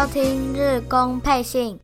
要聽日工配信。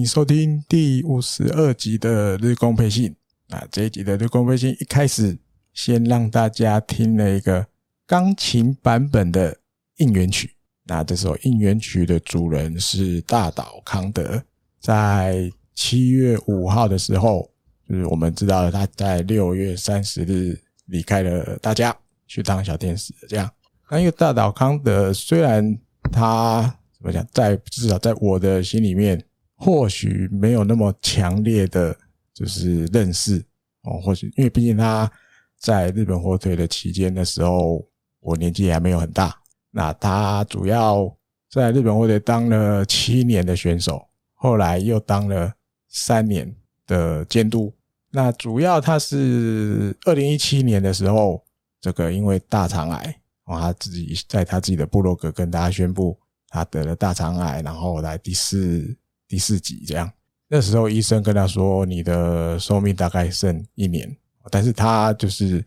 你收聽第五十二集的日光配信，啊！這一集的日光配信一開始，先讓大家聽了一個鋼琴版本的應援曲。那這首應援曲的主人是大島康德，在七月五號的時候，就是我們知道了他在六月三十日離開了大家，去當小天使。這樣，那因為大島康德雖然他怎麼講，在至少在我的心裡面。或許沒有那麼強烈的，就是認識哦。或許因為畢竟他在日本火腿的期間的時候，我年紀也還沒有很大。那他主要在日本火腿當了七年的選手，後來又當了三年的監督。那主要他是二零一七年的時候，這個因為大腸癌，他自己在他自己的部落格跟大家宣布他得了大腸癌，然後來第四。第四集這樣，那時候醫生跟他說：“你的壽命大概剩一年。”但是他就是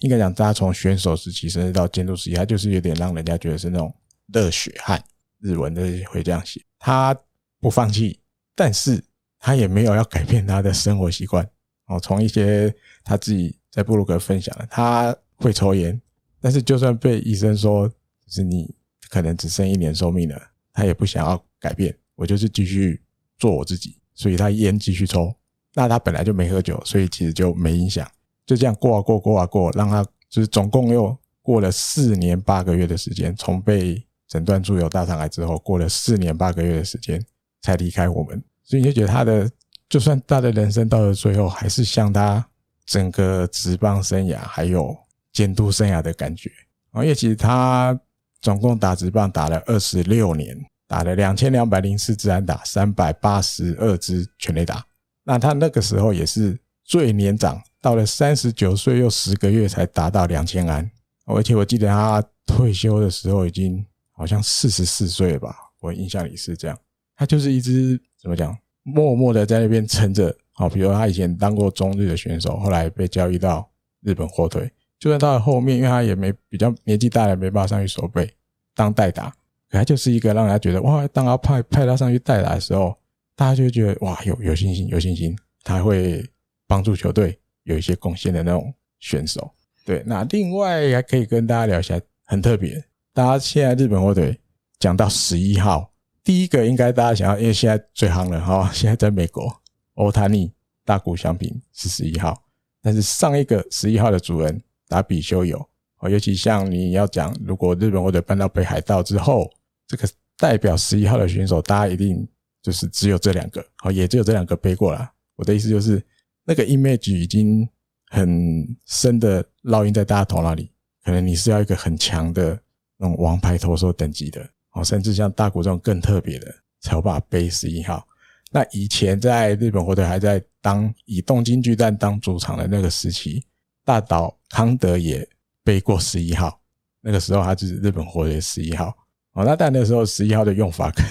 應該講，大家從選手時期甚至到監督時期，他就是有點讓人家覺得是那種熱血漢。日文的會這樣寫，他不放棄，但是他也沒有要改變他的生活習慣哦。從一些他自己在部落格分享的，他會抽煙，但是就算被醫生說就是你可能只剩一年壽命了，他也不想要改變。我就是繼續做我自己，所以他菸繼續抽，那他本來就沒喝酒，所以其實就沒影響，就這樣過啊過啊過啊過，讓他就是總共又過了四年八個月的時間，從被診斷出有大腸癌之後，過了四年八個月的時間才離開我們，所以你就覺得他的，就算他的人生到了最後，還是像他整個職棒生涯還有監督生涯的感覺啊，因為其實他總共打職棒打了二十六年。打了兩千兩百零四支安打，三百八十二支全壘打。那他那個時候也是最年長，到了三十九歲又十個月才達到兩千安。而且我記得他退休的時候已經好像四十四歲了吧，我印象裡是這樣。他就是一只怎麼講，默默的在那邊撐着。好、哦，比如他以前當過中日的選手，後來被交易到日本火腿。就算到了後面，因為他也沒比較年紀大了，沒辦法上去守備，當代打。本來就是一個讓人家覺得哇，當他派派他上去代打的時候，大家就會覺得哇，有有信心，有信心，他會幫助球隊有一些貢獻的那種選手。對，那另外還可以跟大家聊一下，很特別。大家現在日本火腿講到十一號，第一個應該大家想要，因為現在最夯了哈。現在在美國，歐塔尼、大谷翔平是十一號，但是上一個十一號的主人達比修有。尤其像你要講，如果日本火腿搬到北海道之後。這個代表十一號的選手，大家一定就是只有這兩個，哦，也只有這兩個背過了。我的意思就是，那個 image 已經很深的烙印在大家頭腦裡。可能你是要一個很強的那種王牌投手等級的哦，甚至像大谷這種更特別的，才有辦法背十一號。那以前在日本火腿還在當以東京巨蛋當主場的那個時期，大島康德也背過十一號。那個時候，他就是日本火腿十一號。好，那但那時候十一號的用法跟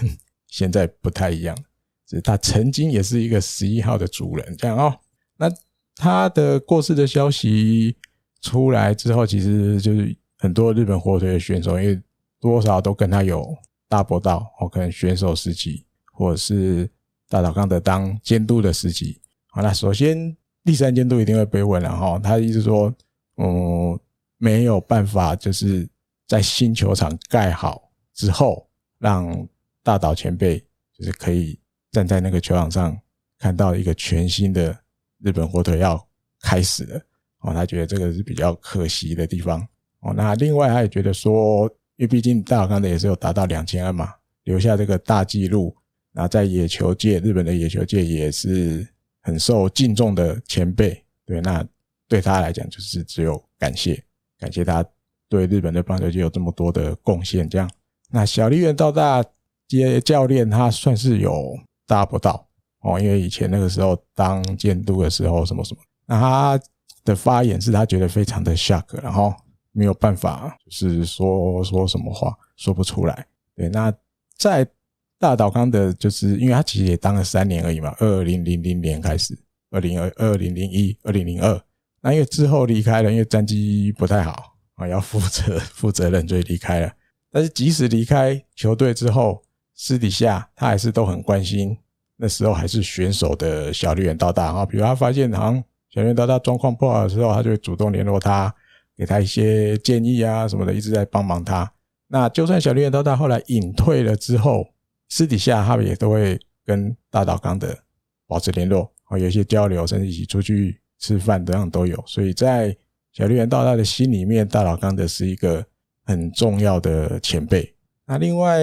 現在不太一樣，是他曾經也是一個十一號的主人，這樣哦。那他的過世的消息出來之後，其實就是很多日本火腿的選手，因為多少都跟他有打過交道、哦，我可能選手時期或者是大島康德當監督的時期。好，那首先栗山監督一定會被問，了後、哦、他意思說，嗯，沒有辦法，就是在新球場蓋好。之後，讓大島前輩就是可以站在那個球場上，看到一個全新的日本火腿要開始了。哦，他覺得這個是比較可惜的地方。哦，那另外他也覺得說，因為畢竟大島康德也是有達到兩千二嘛，留下這個大紀錄，然後在野球界，日本的野球界也是很受敬重的前輩。對，那對他來講就是只有感謝，感謝他對日本的棒球界有這麼多的貢獻，這樣。那小笠原道大接教練，他算是有搭不到哦，因為以前那個時候當監督的時候，什麼什麼，那他的發言是他覺得非常的 shock，然後沒有辦法，就是說說什麼話說不出來。對，那在大島康德就是，因為他其實也當了三年而已嘛，二零零零年開始，二零二二零零一、二零零二，那因為之後離開了，因為戰績不太好啊，要負責負責任，所以離開了。但是，即使離開球隊之後，私底下他還是都很關心。那時候還是選手的小笠原道大啊，比如他發現，好像小笠原道大狀況不好的時候，他就會主動聯絡他，給他一些建議啊什麼的，一直在幫忙他。那就算小笠原道大後來隱退了之後，私底下他們也都會跟大島康德保持聯絡啊，有一些交流，甚至一起出去吃飯，等等都有。所以在小笠原道大的心裡面，大島康德是一個。很重要的前輩。那另外，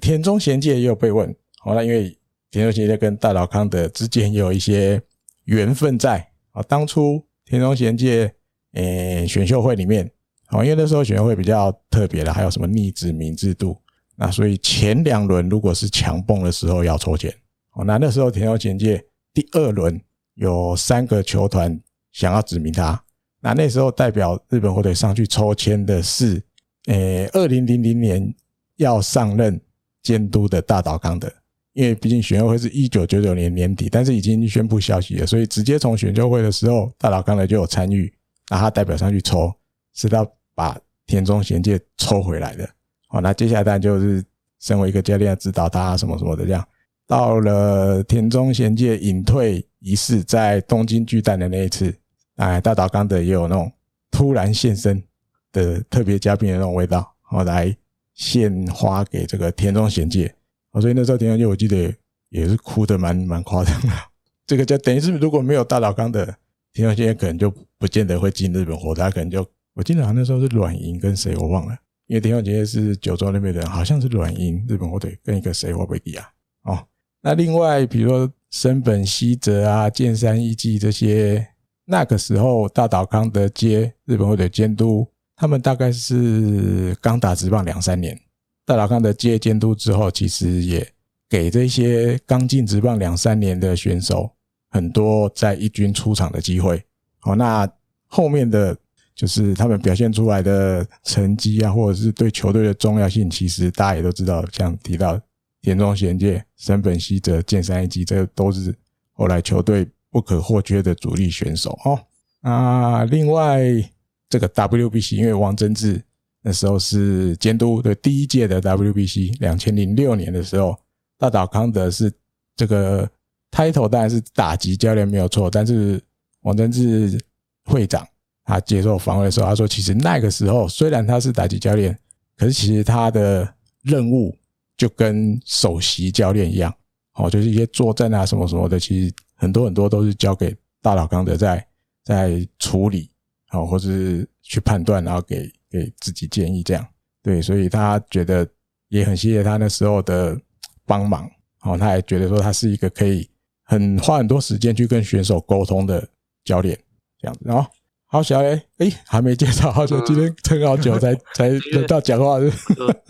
田中賢介也有被問。好，那因為田中賢介跟大島康德之間也有一些緣分在。啊，當初田中賢介誒選秀會裡面，好，因為那時候選秀會比較特別的，還有什麼逆指名制度。那所以前兩輪如果是強碰的時候要抽籤。哦，那那時候田中賢介第二輪有三個球團想要指名他。那那時候代表日本火腿上去抽籤的是。誒，二零零零年要上任監督的大島康德，因為畢竟選秀會是一九九九年年底，但是已經宣布消息了，所以直接從選秀會的時候，大島康德就有參與，然後他代表上去抽，是他把田中賢介抽回來的。好、哦，那接下來就是身為一個教練指導他什麼什麼的這樣。到了田中賢介隱退儀式在東京巨蛋的那一次，哎，大島康德也有那種突然現身。的特別嘉賓的那種味道，後來，獻花給這個田中賢介，所以那時候田中賢介我記得也是哭得蠻蠻誇張的，蠻蠻誇張的。這個就等於是如果沒有大島康德，田中賢介可能就不見得會進日本火腿，可能就我記得好像那時候是軟銀跟誰我忘了，因為田中賢介是九州那邊的人，好像是軟銀、日本火腿跟一個誰我忘記啊。哦，那另外比如說森本稀哲啊、建山義紀這些，那個時候大島康德接日本火腿監督。他們大概是剛打職棒兩三年，大島康德接監督之後，其實也給這些剛進職棒兩三年的選手很多在一軍出場的機會。哦。好，那後面的就是他們表現出來的成績啊，或者是對球隊的重要性，其實大家也都知道。像提到田中賢介、森本稀哲、建山義紀，這都是後來球隊不可或缺的主力選手哦。那另外，這個 WBC 因為王貞治那時候是監督，對第一屆的 WBC，兩千零六年的時候，大島康德是這個 title 當然是打擊教練沒有錯，但是王貞治會長他接受訪問的時候，他說其實那個時候雖然他是打擊教練，可是其實他的任務就跟首席教練一樣，哦，就是一些作戰啊什麼什麼的，其實很多很多都是交給大島康德在在處理。好，哦，或是去判斷，然後給給自己建議，這樣對，所以他覺得也很謝謝他那時候的幫忙哦。他也覺得說他是一個可以很花很多時間去跟選手溝通的教練這樣子，然後好，哦，小艾，哎，欸，還沒介紹好說、嗯、今天撐好久才、嗯、才，才到講話是是因，為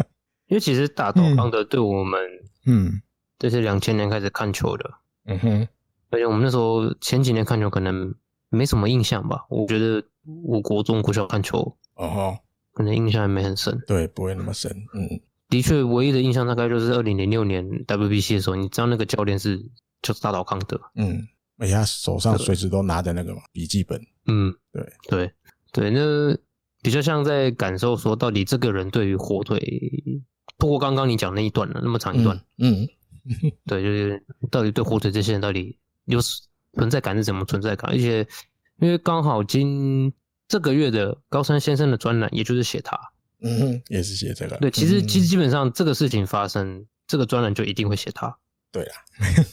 因為其實打東方的對我們，嗯，這是兩千年開始看球的，嗯哼，而且我們那時候前幾年看球可能沒什麼印象吧，我覺得。我國中國小看球，oh，可能印象還沒很深，對，不會那麼深。嗯，的確，唯一的印象大概就是二零零六年 WBC 的時候，你知道那個教練是就是大島康德。O、嗯，哎呀，手上隨時都拿着那個筆對記本。嗯，對對對，那比較像在感受說，到底這個人對於火腿，不過剛剛你講那一段了，那麼長一段。嗯，嗯 對，就是到底對火腿這些人到底有存在感，是什麼存在感？而且因為剛好今這個月的高山先生的專欄，也就是寫他，嗯，嗯，對也是寫這個。對，其實基其實基本上這個事情發生，嗯嗯這個專欄就一定會寫他。對啊 啦，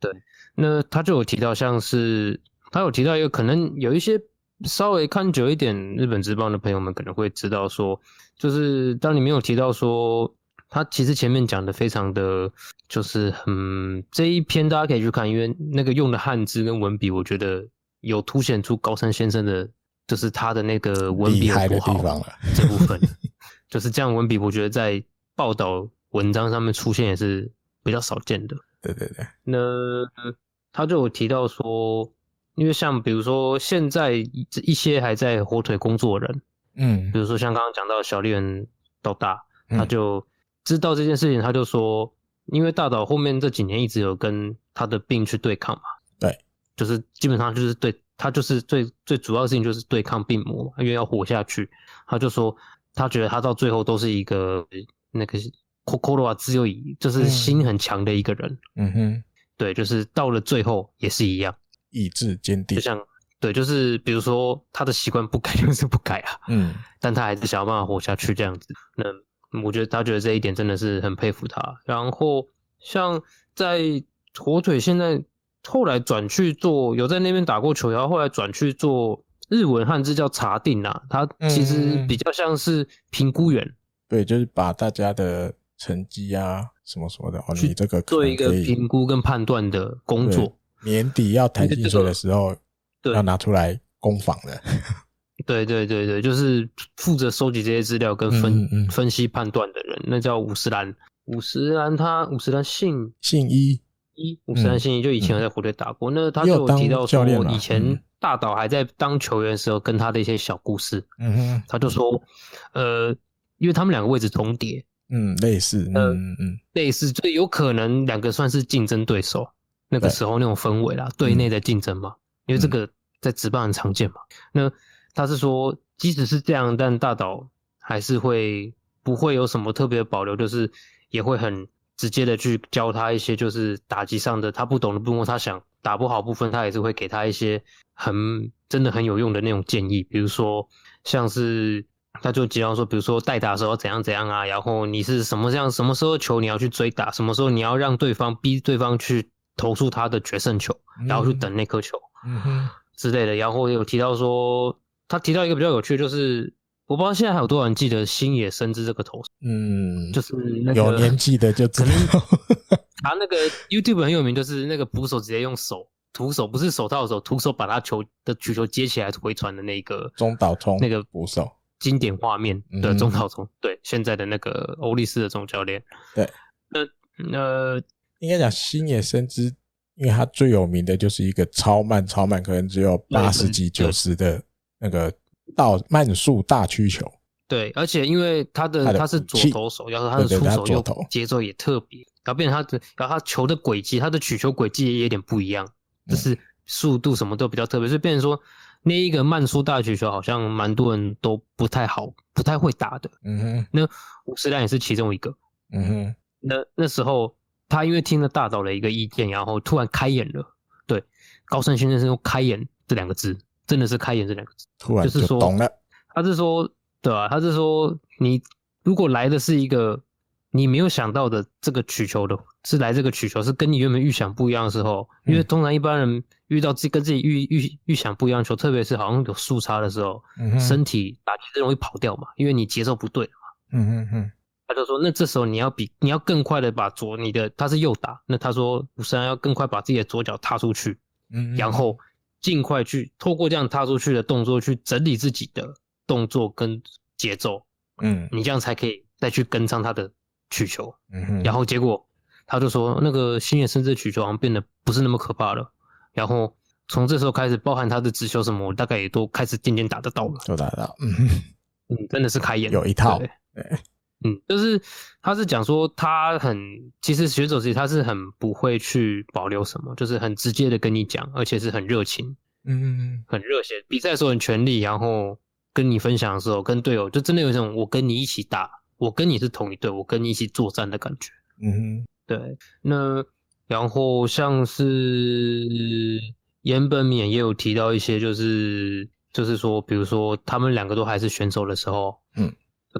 對。 那他就有提到，像是他有提到一個可能有一些稍微看久一點日本職棒的朋友們可能會知道說，說就是當你沒有提到說他，其實前面講的非常的，就是嗯這一篇大家可以去看，因為那個用的漢字跟文筆，我覺得有凸顯出高山先生的。就是他的那個文筆不好，這部分 就是這樣文筆，我覺得在報道文章上面出現也是比較少見的。對對對。那他就有提到說，因為像比如說現在一些還在火腿工作的人，嗯，比如說像剛剛講到小麗人到大，他就知道這件事情，他就說，因為大島後面這幾年一直有跟他的病去對抗嘛，對，就是基本上就是對。他就是最最主要的事情，就是對抗病魔，因為要活下去。他就說，他覺得他到最後都是一個那個ココロが強い，就是心很強的一個人。嗯，嗯哼，對，就是到了最後也是一樣，意志堅定。就像對，就是比如說他的習慣不改就是不改啊。嗯，但他還是想要辦法活下去這樣子。那我覺得他覺得這一點真的是很佩服他。然後像在火腿現在。後來轉去做，有在那邊打過球，然後後來轉去做日文漢字叫查定吶、啊，他其實比較像是評估員、嗯，對，就是把大家的成績啊什麼什麼的、哦、你這個可以做一個評估跟判斷的工作。年底要談薪水的時候，對，要拿出來攻防的。對對對對，就是負責收集這些資料跟分、嗯嗯、分析判斷的人，那叫五十嵐。五十嵐他五十嵐姓姓一。一五三星期就以前在虎隊打過，嗯嗯、那他就有提到說，以前大島還在當球員的時候，跟他的一些小故事。嗯哼，嗯他就說，呃，因為他們兩個位置重疊，嗯，類似，嗯嗯、呃，類似，所以有可能兩個算是競爭對手。對那個時候那種氛圍啦，隊內的競爭嘛，嗯、因為這個在職棒很常見嘛。那他是說，即使是這樣，但大島還是會不會有什麼特別保留，就是也會很。直接的去教他一些就是打擊上的他不懂的部分，他想打不好部分，他也是會給他一些很真的很有用的那種建議。比如說，像是他就提到說，比如說代打的時候怎樣怎樣啊，然後你是什麼這樣什麼時候球你要去追打，什麼時候你要讓對方逼對方去投出他的決勝球，然後去等那顆球嗯之類的。然後有提到說，他提到一個比較有趣的就是。我不知道現在還有多少人記得星野伸之這個投手？嗯，就是那個、嗯、有年紀的就知道，可能他那個 YouTube 很有名，就是那個捕手直接用手徒手，不是手套的手徒手把他球的曲球接起來回傳的那個中島聰。那個捕手經典畫面的、嗯、哼中島聰。對，現在的那個歐力士的總教練。對，那那、呃、呃、應該講星野伸之，因為他最有名的就是一個超慢超慢，可能只有八十幾九十的那個。到慢速大曲球，對，而且因為他的，他，的他是左投手，然後他的出手右投，節奏也特別，然後變成他的，然後他球的軌跡，他的曲球軌跡也有點不一樣，就是速度什麼都比較特別，嗯、所以變成說那一個慢速大曲球好像蠻多人都不太好，不太會打的。嗯哼，那五十兩也是其中一個。嗯哼，那那時候他因為聽了大島的一個意見，然後突然開眼了。對，高山先生是用“開眼”這兩個字。真的是開眼這兩個字，就是說懂了。他是說，對吧、啊？他是說，你如果來的是一個你沒有想到的這個曲球的，是來這個曲球是跟你原本預想不一樣的時候，因為通常一般人遇到自己跟自己預預預想不一樣的球，特別是好像有速差的時候，身體打擊是容易跑掉嘛，因為你節奏不對嘛。嗯嗯嗯。他就說，那這時候你要比你要更快的把左你的，他是右打，那他說不是要更快把自己的左腳踏出去，然後，儘快去透過這樣踏出去的動作去整理自己的動作跟節奏，嗯，你這樣才可以再去跟上他的曲球，嗯哼，然後結果他就說那個新野甚至曲球好像變得不是那麼可怕了，然後從這時候開始，包含他的直球什麼，我大概也都開始漸漸打得到了，都打得到，嗯哼，真的是開眼，有一套，對。對嗯，就是他是講說他很，其實選手其實他是很不會去保留什麼，就是很直接的跟你講，而且是很熱情，嗯哼，很熱血，比賽的時候很全力，然後跟你分享的時候，跟隊友就真的有一種我跟你一起打，我跟你是同一隊，我跟你一起作戰的感覺，嗯哼，對。那然後像是岩本勉也有提到一些，就是，就是就是說，比如說他們兩個都還是選手的時候，嗯，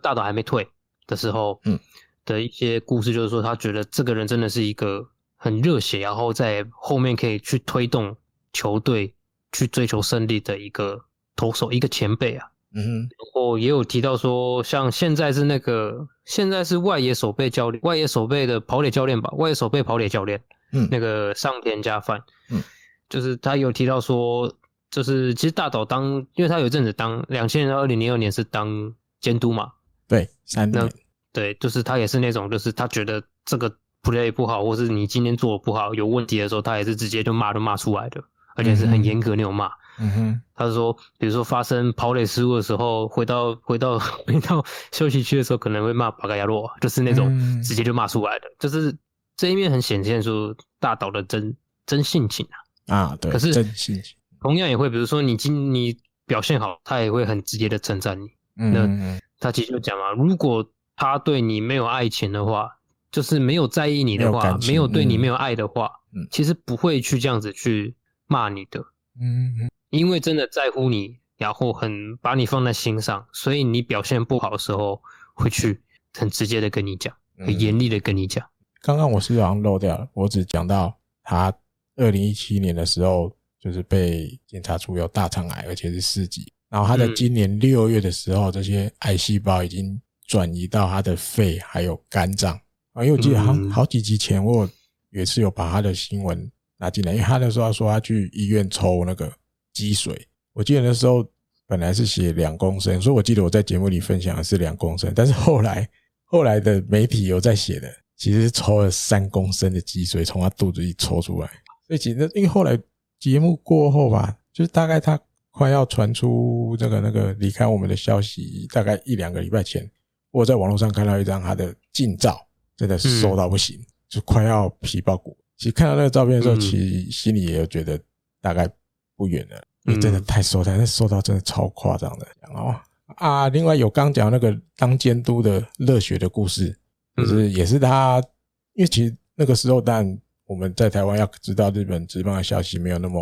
大島還沒退。的時候，嗯，的一些故事，就是說他覺得這個人真的是一個很熱血，然後在後面可以去推動球隊去追求勝利的一個投手，一個前輩啊嗯哼，嗯，然後也有提到說，像現在是那個現在是外野守備教練，外野守備的跑壘教練吧，外野守備跑壘教練，嗯，那個上田佳範，嗯，就是他有提到說，就是其實大島當，因為他有一陣子當，兩千年到二零零二年是當監督嘛。對，三那對，就是他也是那種，就是他覺得這個 play 不好，或是你今天做的不好有問題的時候，他也是直接就罵，都罵出來的，而且是很嚴格那種罵。嗯哼，他說，比如說發生跑壘失誤的時候，回到回到回到休息區的時候，可能會罵八嘎呀路，就是那種、嗯、直接就罵出來的，就是這一面很顯現出大島的真真性情啊。啊，對，可是真性情同樣也會，比如說你今你表現好，他也會很直接的稱讚你。嗯嗯。那他其實就講啊，如果他對你沒有愛情的話，就是沒有在意你的話，沒有，沒有對你沒有愛的話，嗯嗯、其實不會去這樣子去罵你的。嗯嗯嗯，嗯因為真的在乎你，然後很把你放在心上，所以你表現不好的時候，會去很直接的跟你講，嗯、很嚴厲的跟你講。剛剛我是好像漏掉了，我只講到他二零一七年的時候，就是被檢查出有大腸癌，而且是四級。然後他在今年六月的時候，嗯、這些癌細胞已經轉移到他的肺還有肝臟，因為我記得好好幾集前，我有也是有把他的新聞拿進來，因為他那時候說他去醫院抽那個積水。我記得那時候本來是寫兩公升，所以我記得我在節目裡分享的是兩公升，但是後來後來的媒體有在寫的，其實是抽了三公升的積水從他肚子裡抽出來。所以其實因為後來節目過後吧，就是大概他。快要傳出那個那個離開我們的消息，大概一兩個禮拜前，我在網絡上看到一張他的近照，真的是瘦到不行，嗯、就快要皮包骨。其實看到那個照片的時候，其實心裡也有覺得大概不遠了，嗯、因為真的太瘦太，那瘦到真的超誇張的。哦啊，另外有剛講那個當監督的熱血的故事，就是也是他，因為其實那個時候，但我們在台灣要知道日本職棒的消息沒有那麼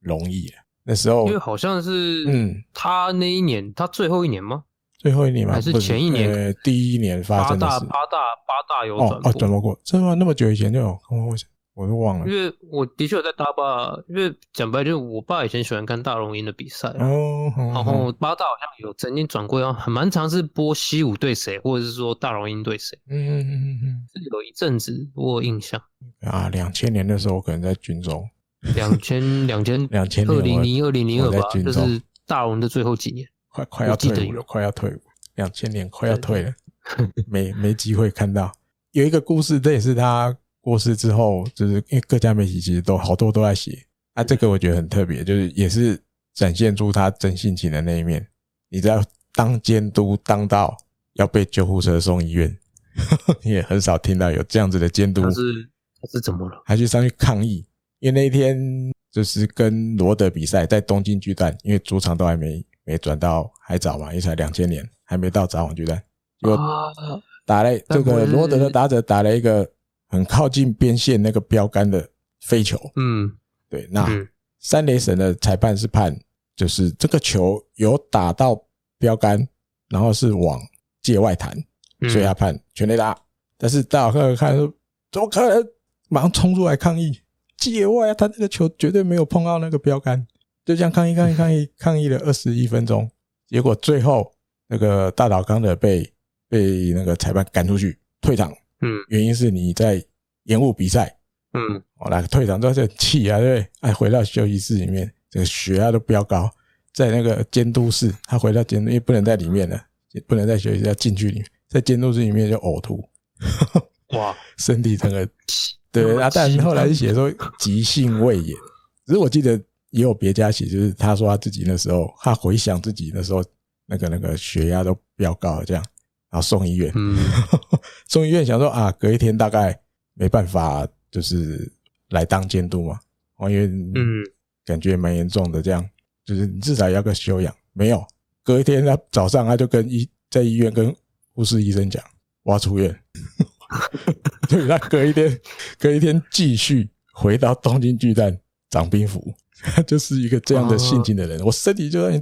容易、啊。那時候，因為好像是，嗯，他那一年，嗯、他最後一年嗎？最後一年嗎？還是前一年？欸、第一年發生的。的。八大八大八大有轉播哦，哦，轉播過，真的嗎？那麼久以前就有，我、哦、我都忘了。因為我的確有在大壩，因為講白就是，我爸以前喜歡看大榮鷹的比賽、哦，哦，然後、哦哦、八大好像有曾經轉過，然後很蠻常是播西武對誰，或者是說大榮鷹對誰、嗯，嗯嗯嗯嗯，己有一陣子我有印象。啊，兩千年的時候我可能在軍中。兩千兩千兩千二零零二零零二吧， 這是大王的最後幾年，快快要退伍了，快要退伍，兩千年快要退了， 沒沒機會看到。有一個故事，這也是他過世之後，就是因為各家媒體其實都好多都在寫啊，這個我覺得很特別，就是也是展現出他真性情的那一面。你在當監督當到要被救護車送醫院， 你也很少聽到有這樣子的監督他是他是怎麼了，還去上去抗議。因為那一天就是跟羅德比賽，在東京巨蛋，因為主場都還沒沒轉到，還早嘛，也才兩千年，還沒到札幌巨蛋。結果打了，這個羅德的打者打了一個很靠近邊線那個標杆的飛球。嗯，對，那三壘審的裁判是判，就是這個球有打到標杆，然後是往界外彈，所以判全壘打。但是大島看看說，說怎麼可能？馬上衝出來抗議。界外，啊，他那個球絕對沒有碰到那個標杆，就這樣抗議抗議抗議抗議了二十一分鐘，結果最後那個大島康德被被那個裁判趕出去退場，嗯，原因是你在延誤比賽，嗯，嗯，我來、哦、退場，都是氣啊，對不對？哎、啊，回到休息室裡面，這個血壓都飆高，在那個監督室，他回到監督，因為不能在裡面了，不能在休息室，要進去裡面，在監督室裡面就嘔吐，呵呵哇，身體整個。對啊，但是後來寫說急性胃炎，可是 我記得也有別家寫，就是他說他自己那時候，他回想自己那時候，那個那個血壓都比較高，這樣，然後送醫院，嗯、 送醫院想說啊，隔一天大概沒辦法，就是來當監督嘛，啊、因為嗯，感覺蠻嚴重的，這樣，就是你至少要個休養，沒有，隔一天他早上他就跟醫在醫院跟護士醫生講，我要出院。 對，他隔一天， 隔一天繼續回到東京巨蛋長兵符，他就是一個這樣的性情的人。啊、我身體就在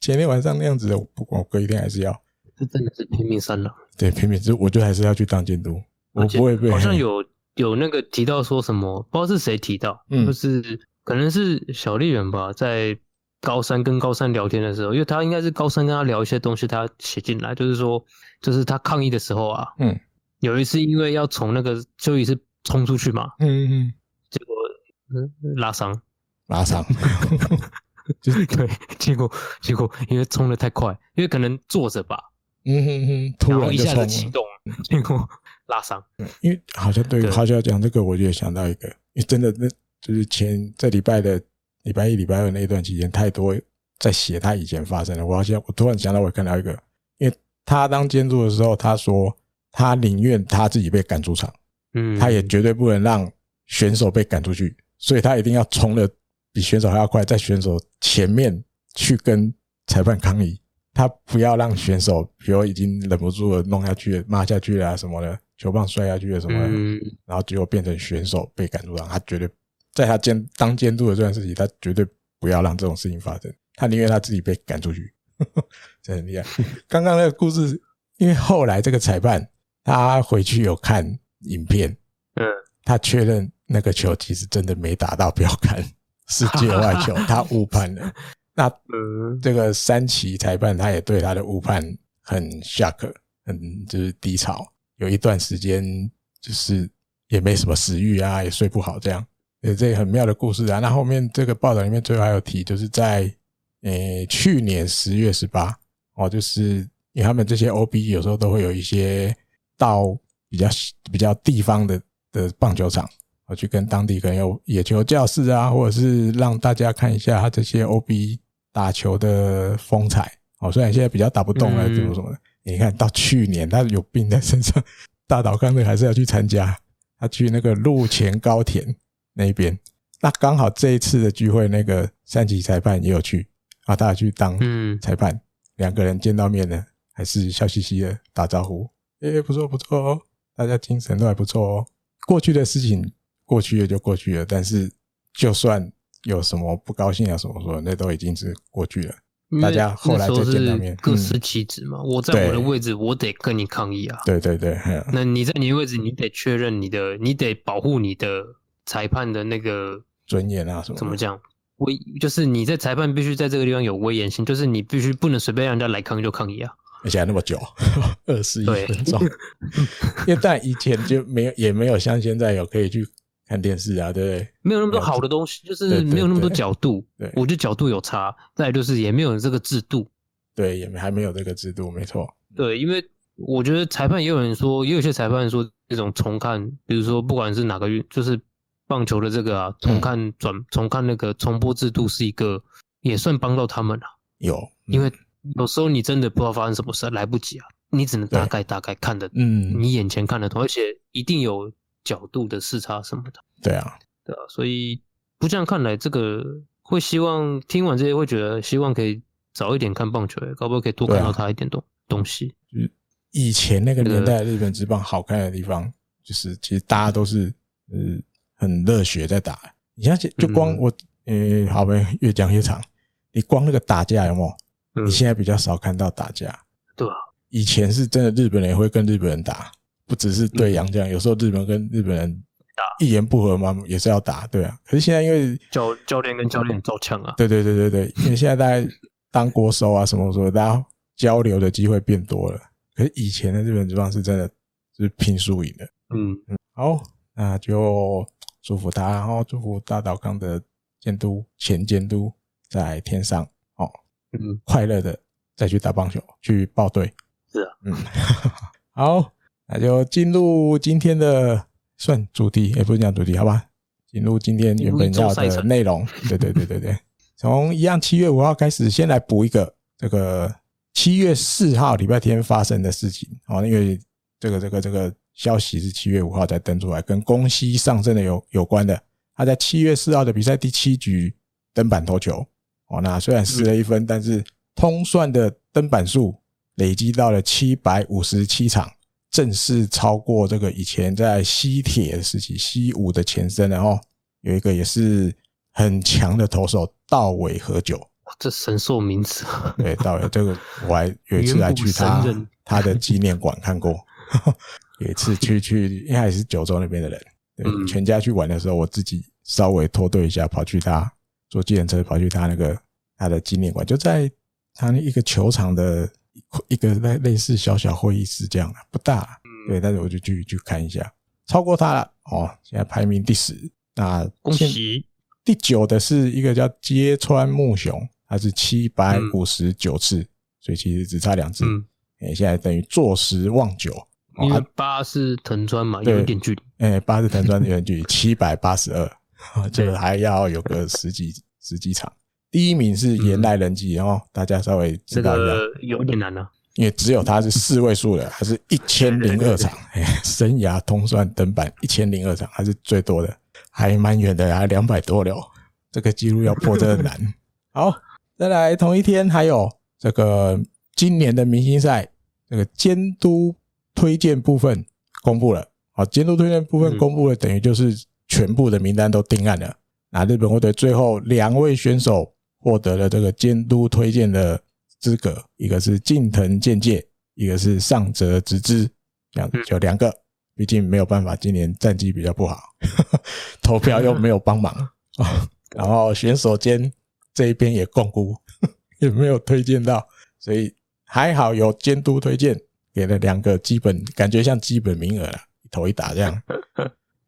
前天晚上那樣子的，不管隔一天還是要，這真的是拼命三郎，啊。對，拼命，就我就還是要去當監督。且我不會被，好像有有那個提到說什麼，不知道是誰提到，嗯、就是可能是小笠原吧，在高濱跟高濱聊天的時候，因為他應該是高濱跟他聊一些東西，他寫進來，就是說，就是他抗議的時候啊，嗯。有一次，因為要從那個休息室衝出去嘛，嗯，嗯，嗯，結果拉傷、嗯，拉傷，拉傷 就是對，結果結果因為衝得太快，因為可能坐着吧，嗯哼哼，突然，然一下子啟動，了結果拉傷。因為好像對，好像講這個，對我就想到一個，因為真的那就是前這禮拜的禮拜一、禮拜二那一段期間，太多在寫他以前發生的。我好像我突然想到，我也看到一個，因為他當監督的時候，他說。他寧願他自己被趕出場，嗯，他也絕對不能讓選手被趕出去，所以他一定要衝的比選手還要快，在選手前面去跟裁判抗議，他不要讓選手比如已經忍不住的弄下去了，罵下去了啊什麼的，球棒摔下去啊什麼的，嗯，然後結果變成選手被趕出場，他絕對在他監當監督的這段時期，他絕對不要讓這種事情發生，他寧願他自己被趕出去，呵呵，真的很厲害。剛剛 那個故事，因為後來這個裁判。他回去有看影片，嗯，他確認那個球其實真的沒打到標桿，是界外球，他誤判了。 那嗯，這個三旗裁判他也對他的誤判很 shock，很就是低潮，有一段時間就是也沒什麼食欲啊，也睡不好這樣。呃，這很妙的故事啊。那後面這個報道裡面最後還有提，就是在呃去年十月十八哦，就是因為他們這些 OB 有時候都會有一些。到比較比較地方的的棒球場，我、哦、去跟當地可能有野球教室啊，或者是讓大家看一下他這些 O B 打球的風采。哦，雖然現在比較打不動了，怎麼怎麼的。你看到去年他有病在身上，大島康德還是要去參加。他去那個陸前高田那邊，那剛好這一次的聚會，那個三級裁判也有去啊，大家去當裁判，兩個人見到面呢，還是笑嘻嘻的打招呼。哎、欸，不錯不錯哦，大家精神都還不錯哦。過去的事情，過去了就過去了。但是，就算有什麼不高興啊什麼說，那都已經是過去了。因為 大家後來再見上面，各司其職嘛。嗯、我在我的位置，對我得跟你抗議啊。對對對，嗯、那你在你的位置，你得確認你的，你得保護你的裁判的那個尊嚴啊什麼。怎麼講威？就是你在裁判必須在這個地方有威嚴性，就是你必須不能隨便讓人家來抗議就抗議啊。而且還那麼久，二十一分鐘鐘，對 因為但以前就沒有，也沒有像現在有可以去看電視啊，對不對？沒有那麼多好的東西，就是沒有那麼多角度。對對對對我覺得角度有差。再來就是也沒有這個制度，對，也還沒有這個制度，沒錯。對，因為我覺得裁判也有人說，也有些裁判說，那種重看，比如說不管是哪個運，就是棒球的這個啊，重看轉、嗯、重看那個重播制度是一個，也算幫到他們了、啊。有，嗯、因為。有時候你真的不知道發生什麼事，來不及啊！你只能大概大概看得，嗯，你眼前看得懂，而且一定有角度的視差什麼的。對啊，對啊，所以不這樣看來，這個會希望聽完這些，會覺得希望可以早一點看棒球，搞不好可以多看到他一點東東西。啊、就是、以前那個年代，日本職棒好看的地方，對，就是其實大家都是嗯很熱血在打。你看，就光我，呃、嗯欸，好吧，越講越長。你光那個打架有沒有？你現在比較少看到打架，對啊，以前是真的日本人也會跟日本人打，不只是對洋將，有時候日本跟日本人打，一言不合嘛，也是要打，對啊。可是現在因為教教練跟教練照嗆啊，對對對對對，對，因為現在大家當國手啊什麼什麼，大家交流的機會變多了。可是以前的日本職棒是真的是拼輸贏的，嗯嗯，好，那就祝福他，然後祝福大島康德的監督前監督在天上。嗯，快樂的再去打棒球，去報隊。是啊，嗯，好，那就進入今天的算主題，也、欸、不是講主題，好吧？進入今天原本要的內容。對對對對對，從一樣七月五號開始，先來補一個這個七月四號禮拜天發生的事情哦，因為這個這個這個消息是七月五號才登出來，跟宮西尚生的有有關的。他在七月四號的比賽第七局登板投球。好、哦、那雖然失了一分，但是通算的登板數累積到了七百五十七場，正式超過這個以前在西鐵時期西武的前身。然後有一個也是很強的投手稻尾和久，哇，這神獸名詞、啊！對，稻尾這個我還有一次還去他他的紀念館看過，有 一次去去，應該也是九州那邊的人對，全家去玩的時候，我自己稍微脫隊一下跑去他。坐計程車跑去他那個他的紀念館，就在他那一個球場的一個類類似小小會議室這樣的、啊，不大、啊，對。但是我就去去看一下，超過他了哦、喔，現在排名第十，那恭喜。第九的是一個叫皆川睦雄，他是七百五十九次，所以其實只差兩次，哎，現在等於坐十望九。因為八是藤川嘛，有點距離。哎，八是藤川的遠距，七百八十二。啊，這個還要有個十幾 十幾場，第一名是岩瀨仁紀哦，嗯、大家稍微知道的，有點難啊，因為只有他是四位數的，他 是一千零二場， 對對對對，生涯通算登板一千零二場，還是最多的，還蠻遠的，還兩百多了、喔，這個記錄要破真的很難。 好，再來同一天還有這個今年的明星賽，這個監督推薦部分公布了。好，監督推薦部分公布了，等於就是。嗯嗯全部的名單都定案了。那日本隊最後兩位選手獲得了這個監督推薦的資格，一個是近藤健介，一個是上澤直之，兩，就兩個。畢竟沒有辦法，今年戰績比較不好呵呵，投票又沒有幫忙呵呵，然後選手間這一邊也槓龜也沒有推薦到，所以還好有監督推薦給了兩個基本，感覺像基本名額了，一投一打這樣。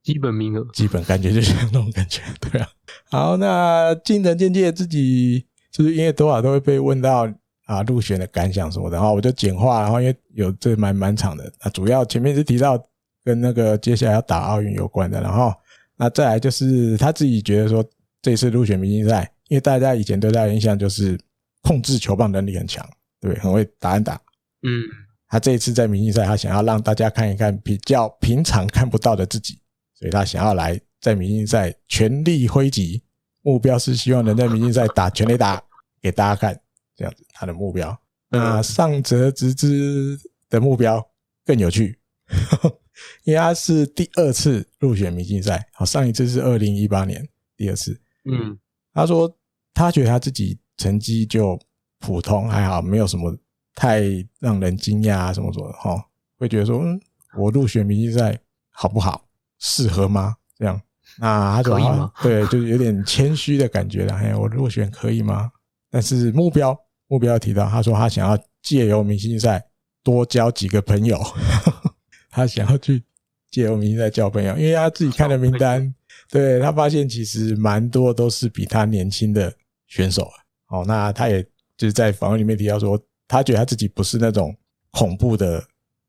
基本名額，基本感覺就是那種感覺，對啊。好，那近藤健介自己是不是因為多少都會被問到啊入選的感想什麼的？然後我就簡化，然後因為有這蠻蠻長的。啊，主要前面是提到跟那個接下來要打奧運有關的，然後那再來就是他自己覺得說這一次入選明星賽，因為大家以前對他的印象就是控制球棒能力很強，對，很會打安打。嗯，他這一次在明星賽，他想要讓大家看一看比較平常看不到的自己。所以他想要來在明星賽全力揮擊，目標是希望能在明星賽打全壘打給大家看，這樣子他的目標。嗯、那上澤直之的目標更有趣呵呵，因為他是第二次入選明星賽，好，上一次是二零一八年，第二次。嗯，他說他覺得他自己成績就普通還好，沒有什麼太讓人驚訝、啊、什麼什麼的哈、哦，會覺得說，嗯，我入選明星賽好不好？適合嗎？這樣，那他就啊，對，就是有點謙虛的感覺了。哎呀，我入選可以嗎？但是目標目標提到，他說他想要借由明星賽多交幾個朋友。哈 哈，他想要去借由明星賽交朋友，因為他自己看的名單，對，他發現其實蠻多都是比他年輕的選手。哦，那他也就是在訪問裡面提到說，他覺得他自己不是那種恐怖的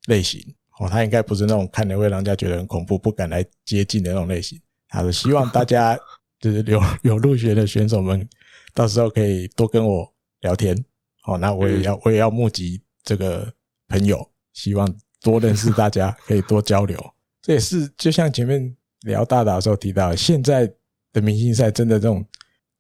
類型。哦，他應該不是那種看了會讓人家覺得很恐怖，不敢來接近的那種類型。好的，希望大家就是有有入選的選手們，到時候可以多跟我聊天。哦，那我也要我也要募集這個朋友，希望多認識大家，可以多交流。 這也是就像前面聊大打的時候提到，現在的明星賽真的這種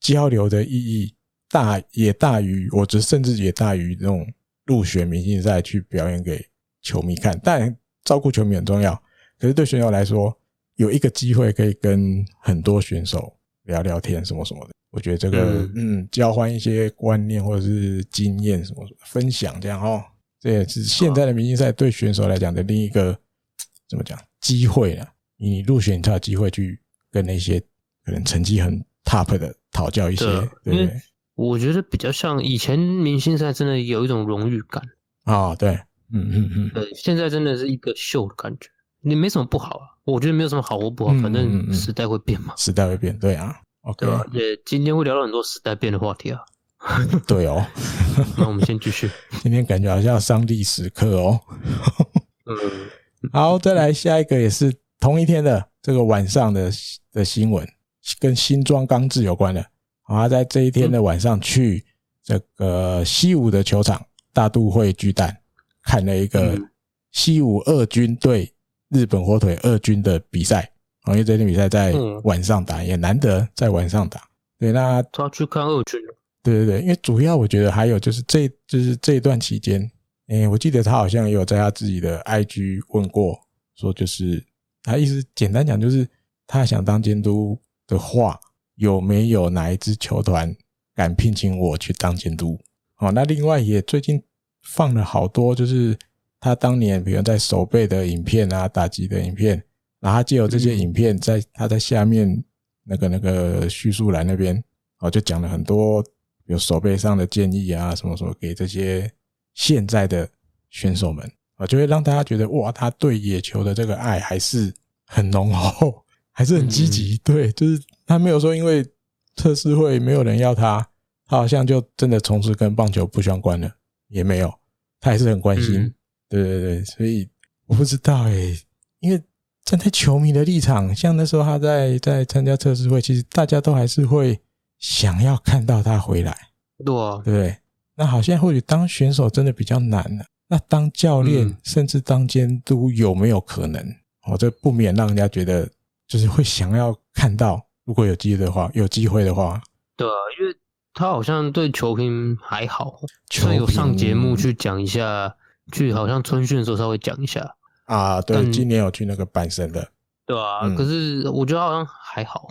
交流的意義大也大於我覺得甚至也大於那種入選明星賽去表演給球迷看，但。照顧球迷很重要，可是對選手來說，有一個機會可以跟很多選手聊聊天，什麼什麼的。我覺得這個，嗯，嗯，交換一些觀念或者是經驗，什麼，什麼分享這樣哦，這也是現在的明星賽對選手來講的另一個、哦、怎麼講機會了。你入選，才有機會去跟那些可能成績很 top 的討教一些，對，對不對？我覺得比較像以前明星賽，真的有一種榮譽感啊、哦，對。嗯嗯嗯，嗯嗯對，現在真的是一個秀的感覺，也沒什麼不好啊。我覺得沒有什麼好或不好，嗯嗯嗯、反正時代會變嘛。時代會變，對啊。OK，也今天會聊到很多時代變的話題啊。 對哦， 那我們先繼續。今天感覺好像上歷史課哦。嗯 好，再來下一個也是同一天的這個晚上的的新聞，跟新莊剛志有關的。然後他在這一天的晚上去這個西武的球場大都會巨蛋。看了一個西武二軍對日本火腿二軍的比賽，哦，因為這天比賽在晚上打，也難得在晚上打。對，那他去看二軍。對對對，因為主要我覺得還有就是這，就是這一段期間，哎，我記得他好像也有在他自己的 IG 問過，說就是他意思，簡單講就是他想當監督的話，有沒有哪一支球團敢聘請我去當監督？哦，那另外也最近。放了好多，就是他當年，比如在守備的影片啊、打擊的影片，然後就有這些影片在他在下面那個那個敘述欄那邊哦，就講了很多有守備上的建議啊，什麼什麼給這些現在的選手們啊，就會讓大家覺得哇，他對野球的這個愛還是很濃厚，還是很積極。對，就是他沒有說因為測試會沒有人要他，他好像就真的從此跟棒球不相關了。也沒有，他還是很關心，嗯、對對對，所以我不知道哎、欸，因為站在球迷的立場，像那時候他在在參加測試會，其實大家都還是會想要看到他回來，對、嗯、對。那好像或許當選手真的比較難、啊、那當教練、嗯、甚至當監督有沒有可能？哦，這不免讓人家覺得就是會想要看到，如果有機會的話，有機會的話，對、嗯，因為。他好像對球評還好，他有上節目去講一下，去好像春訓的時候稍微講一下啊、嗯、啊。對，今年有去那個半身的，對、嗯、啊、嗯。可是我覺得他好像還好，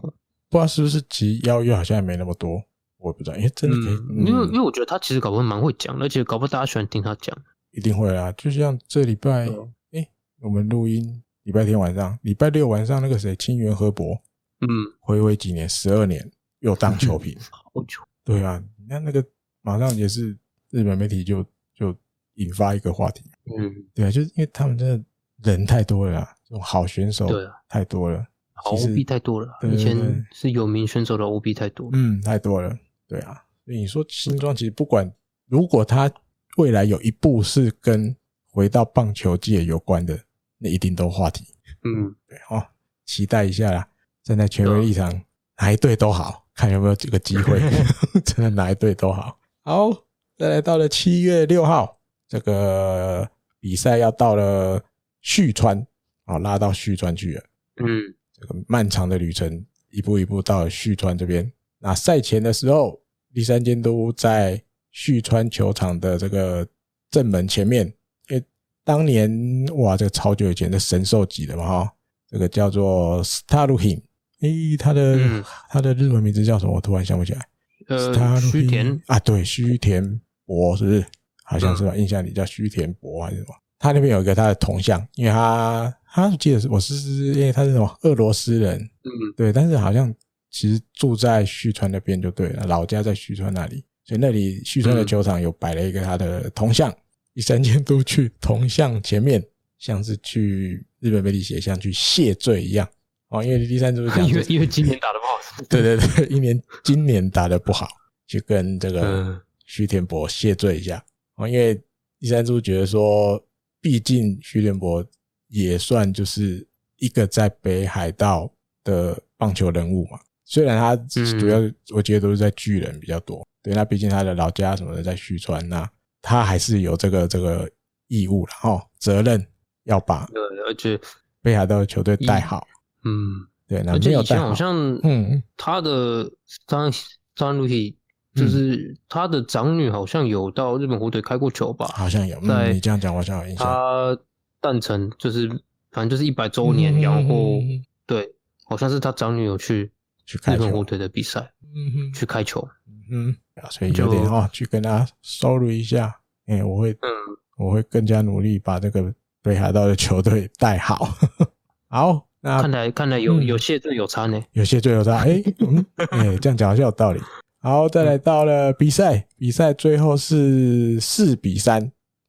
不知道是不是其實邀約，好像也沒那麼多，我也不知道，因為真的，因為因為我覺得他其實搞不好蠻會講，而且搞不好大家喜歡聽他講，一定會啊。就像這禮拜，哎、欸，我們錄音禮拜天晚上，禮拜六晚上那個誰，清原和博，嗯，回味幾年，十二年又當球評、嗯，好久。對啊，你看那個馬上也是日本媒體就就引發一個話題，嗯，對啊，就是因為他們真的人太多了，這種好選手對太多了，OB 太多了，以前是有名選手的 OB 太多了，嗯，太多了，對啊，所以你說新莊其實不管，如果他未來有一步是跟回到棒球界有關的，那一定都話題，嗯，嗯，對哦、啊，期待一下，啦，站在權威立場，嗯、哪一隊都好。看有沒有這個機會， 真的哪一隊都好。好，再來到了七月六號，這個比賽要到了旭川啊、哦，拉到旭川去了。嗯、哦，這個漫長的旅程，一步一步到了旭川這邊。那賽前的時候，栗山監督在旭川球場的這個正門前面，因為當年哇，這個超久以前的、這個、神獸級的嘛哈、哦，這個叫做 Starhin 誒、欸，他的、嗯、他的日文名字叫什麼？我突然想不起來。呃，須田啊，對，須田博是不是？好像是吧，嗯、印象裡叫須田博還是什麼？他那邊有一個他的銅像，因為他，他，他記得是我是因為他是什麼俄羅斯人，嗯，對，但是好像其實住在旭川那邊就對了，老家在旭川那裡，所以那裡旭川的球場有擺了一個他的銅像，嗯、一三千都去銅像前面，像是去日本媒體寫像去謝罪一樣。哦，因為栗山組，因為因為今年打得不好， 對對對，一年，今年打得不好，去 跟這個須田博謝罪一下。哦，因為栗山組覺得說，畢竟須田博也算就是一個在北海道的棒球人物嘛，雖然他主要我覺得都是在巨人比較多，嗯、對，那畢竟他的老家什麼的在旭川，啊，那他還是有這個這個義務然後、哦、責任要把對，而且北海道球隊帶好。嗯嗯嗯，對，而且以前好像，嗯他的張張如易就是他的長女，好像有到日本火腿開過球吧？好像有。那你這樣講，我才有印象。他誕辰就是，反正就是一百周年，嗯、哼哼哼然後對，好像是他長女有去去日本火腿的比賽、嗯，嗯哼，去開球，嗯，所以就。哦，去跟他 sorry 一下。哎、欸，我會，嗯，我會更加努力把這個北海道的球隊帶好， 好。那看來看來有、嗯、有謝罪有差呢，有謝罪有差，哎、欸嗯欸，這樣講好像有道理。好，再來到了比賽，嗯、比賽最後是四比三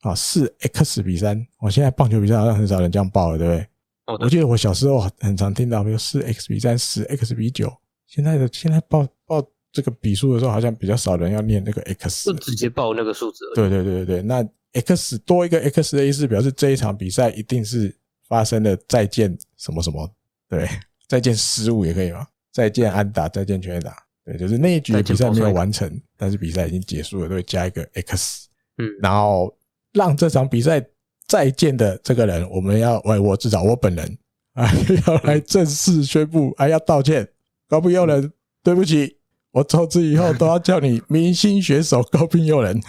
啊、哦，四 x 比三、哦。我現在棒球比賽好像很少人這樣報了，對不對？哦、對我記得我小時候很常聽到，比如四 x 比三，十 x 比九。現在的現在報報這個比數的時候，好像比較少人要念那個 x，是直接報那個數字。對對對對對，那 x 多一個 x 的意思，表示這一場比賽一定是。發生了再見什麼什麼？對，再見失誤也可以嘛，再見安打，再見全壘打，對，就是那一局比賽沒有完成，但是比賽已經結束了，都會加一個 X。嗯，然後讓這場比賽再見的這個人，我們要，我至少我本人啊，要來正式宣布，啊，要道歉 高濱祐仁，對不起，我從此以後都要叫你明星選手高濱祐仁。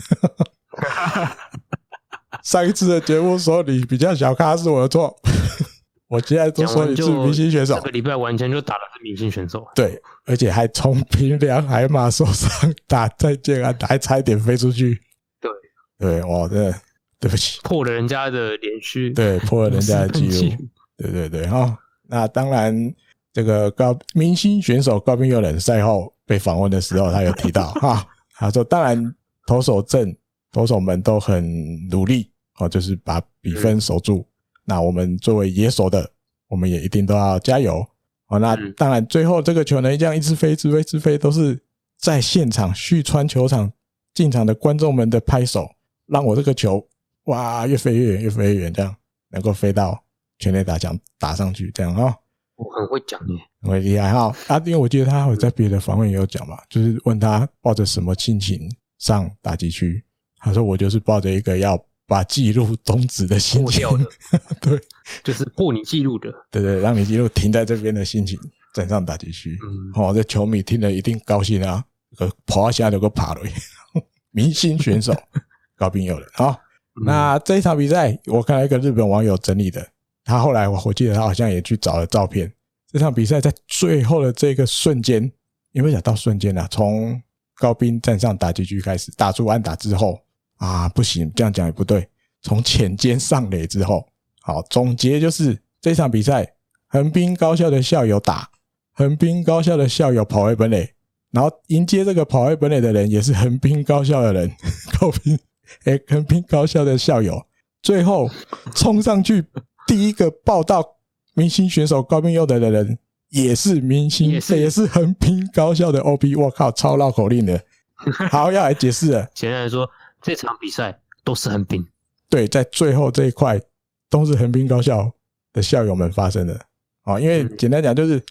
哈哈哈。上一次的節目說你比較小咖是我的錯， 我現在都說你是明星選手。這個禮拜完全就打的是明星選手，對，而且還從平良海馬受傷打再見啊，還差一點飛出去。對對，我真的對不起，破了人家的連續，對，破了人家的記錄， 對對對哈、哦。那當然，這個高明星選手高濱祐仁賽後被訪問的時候，他有提到哈、 哦，他說，當然投手陣，投手們都很努力。哦，就是把比分守住。嗯、那我們作為野手的，我們也一定都要加油。哦，那當然，最後這個球呢，這樣一直飛，一直飛，一直飛，都是在現場旭川球場進場的觀眾們的拍手，讓我這個球哇，越飛越遠，越飛越遠，這樣能夠飛到全壘打牆打上去，這樣啊、哦。我很會講的、嗯，很厲害哈、哦。啊，因為我記得他會在別的訪問也有講嘛，嗯、就是問他抱着什麼心情上打擊區，他說我就是抱着一個要。把記錄終止的心情，對，就是破你記錄的， 對對，對，讓你記錄停在這邊的心情，站上打擊區，好，這球迷聽了一定高興啊，個跑到、啊、下給個爬了明星選手高濱祐仁好，嗯、那這一場比賽我看到一個日本網友整理的，他後來我我記得他好像也去找了照片，這場比賽在最後的這個瞬間，因為想到瞬間啊？從高濱站上打擊區開始，打出安打之後。啊，不行，這樣講也不對。從淺間上壘之後，好，總結就是這場比賽，橫濱高校的校友打橫濱高校的校友跑回本壘，然後迎接這個跑回本壘的人也是橫濱高校的人，高斌，哎，橫濱高校的校友，最後衝上去第一個報道明星選手高斌優德的人也是明星，也是橫濱高校的 O p 我靠，超繞口令的，好，要來解釋了，前面來說。這場比賽都是橫濱，對，在最後這一塊都是橫濱高校的校友們發生的哦，因為簡單講，就是、嗯、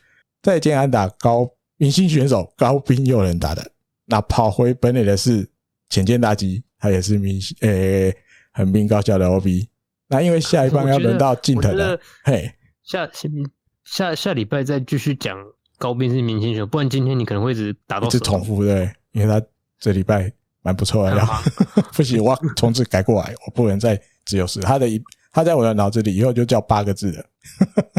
再見安打高明星選手高濱祐仁打的，那跑回本壘的是淺見大吉，他也是明星誒，橫濱高校的 OB。那因為下一棒要輪到近藤了，嘿，下下下下禮拜再繼續講高濱是明星選手，不然今天你可能會一直打到一直重複對，因為他這禮拜。蠻不錯的，好 不行，我從置改過來，我不能再只有十。他的一，他在我的腦子裡以後就叫八個字了，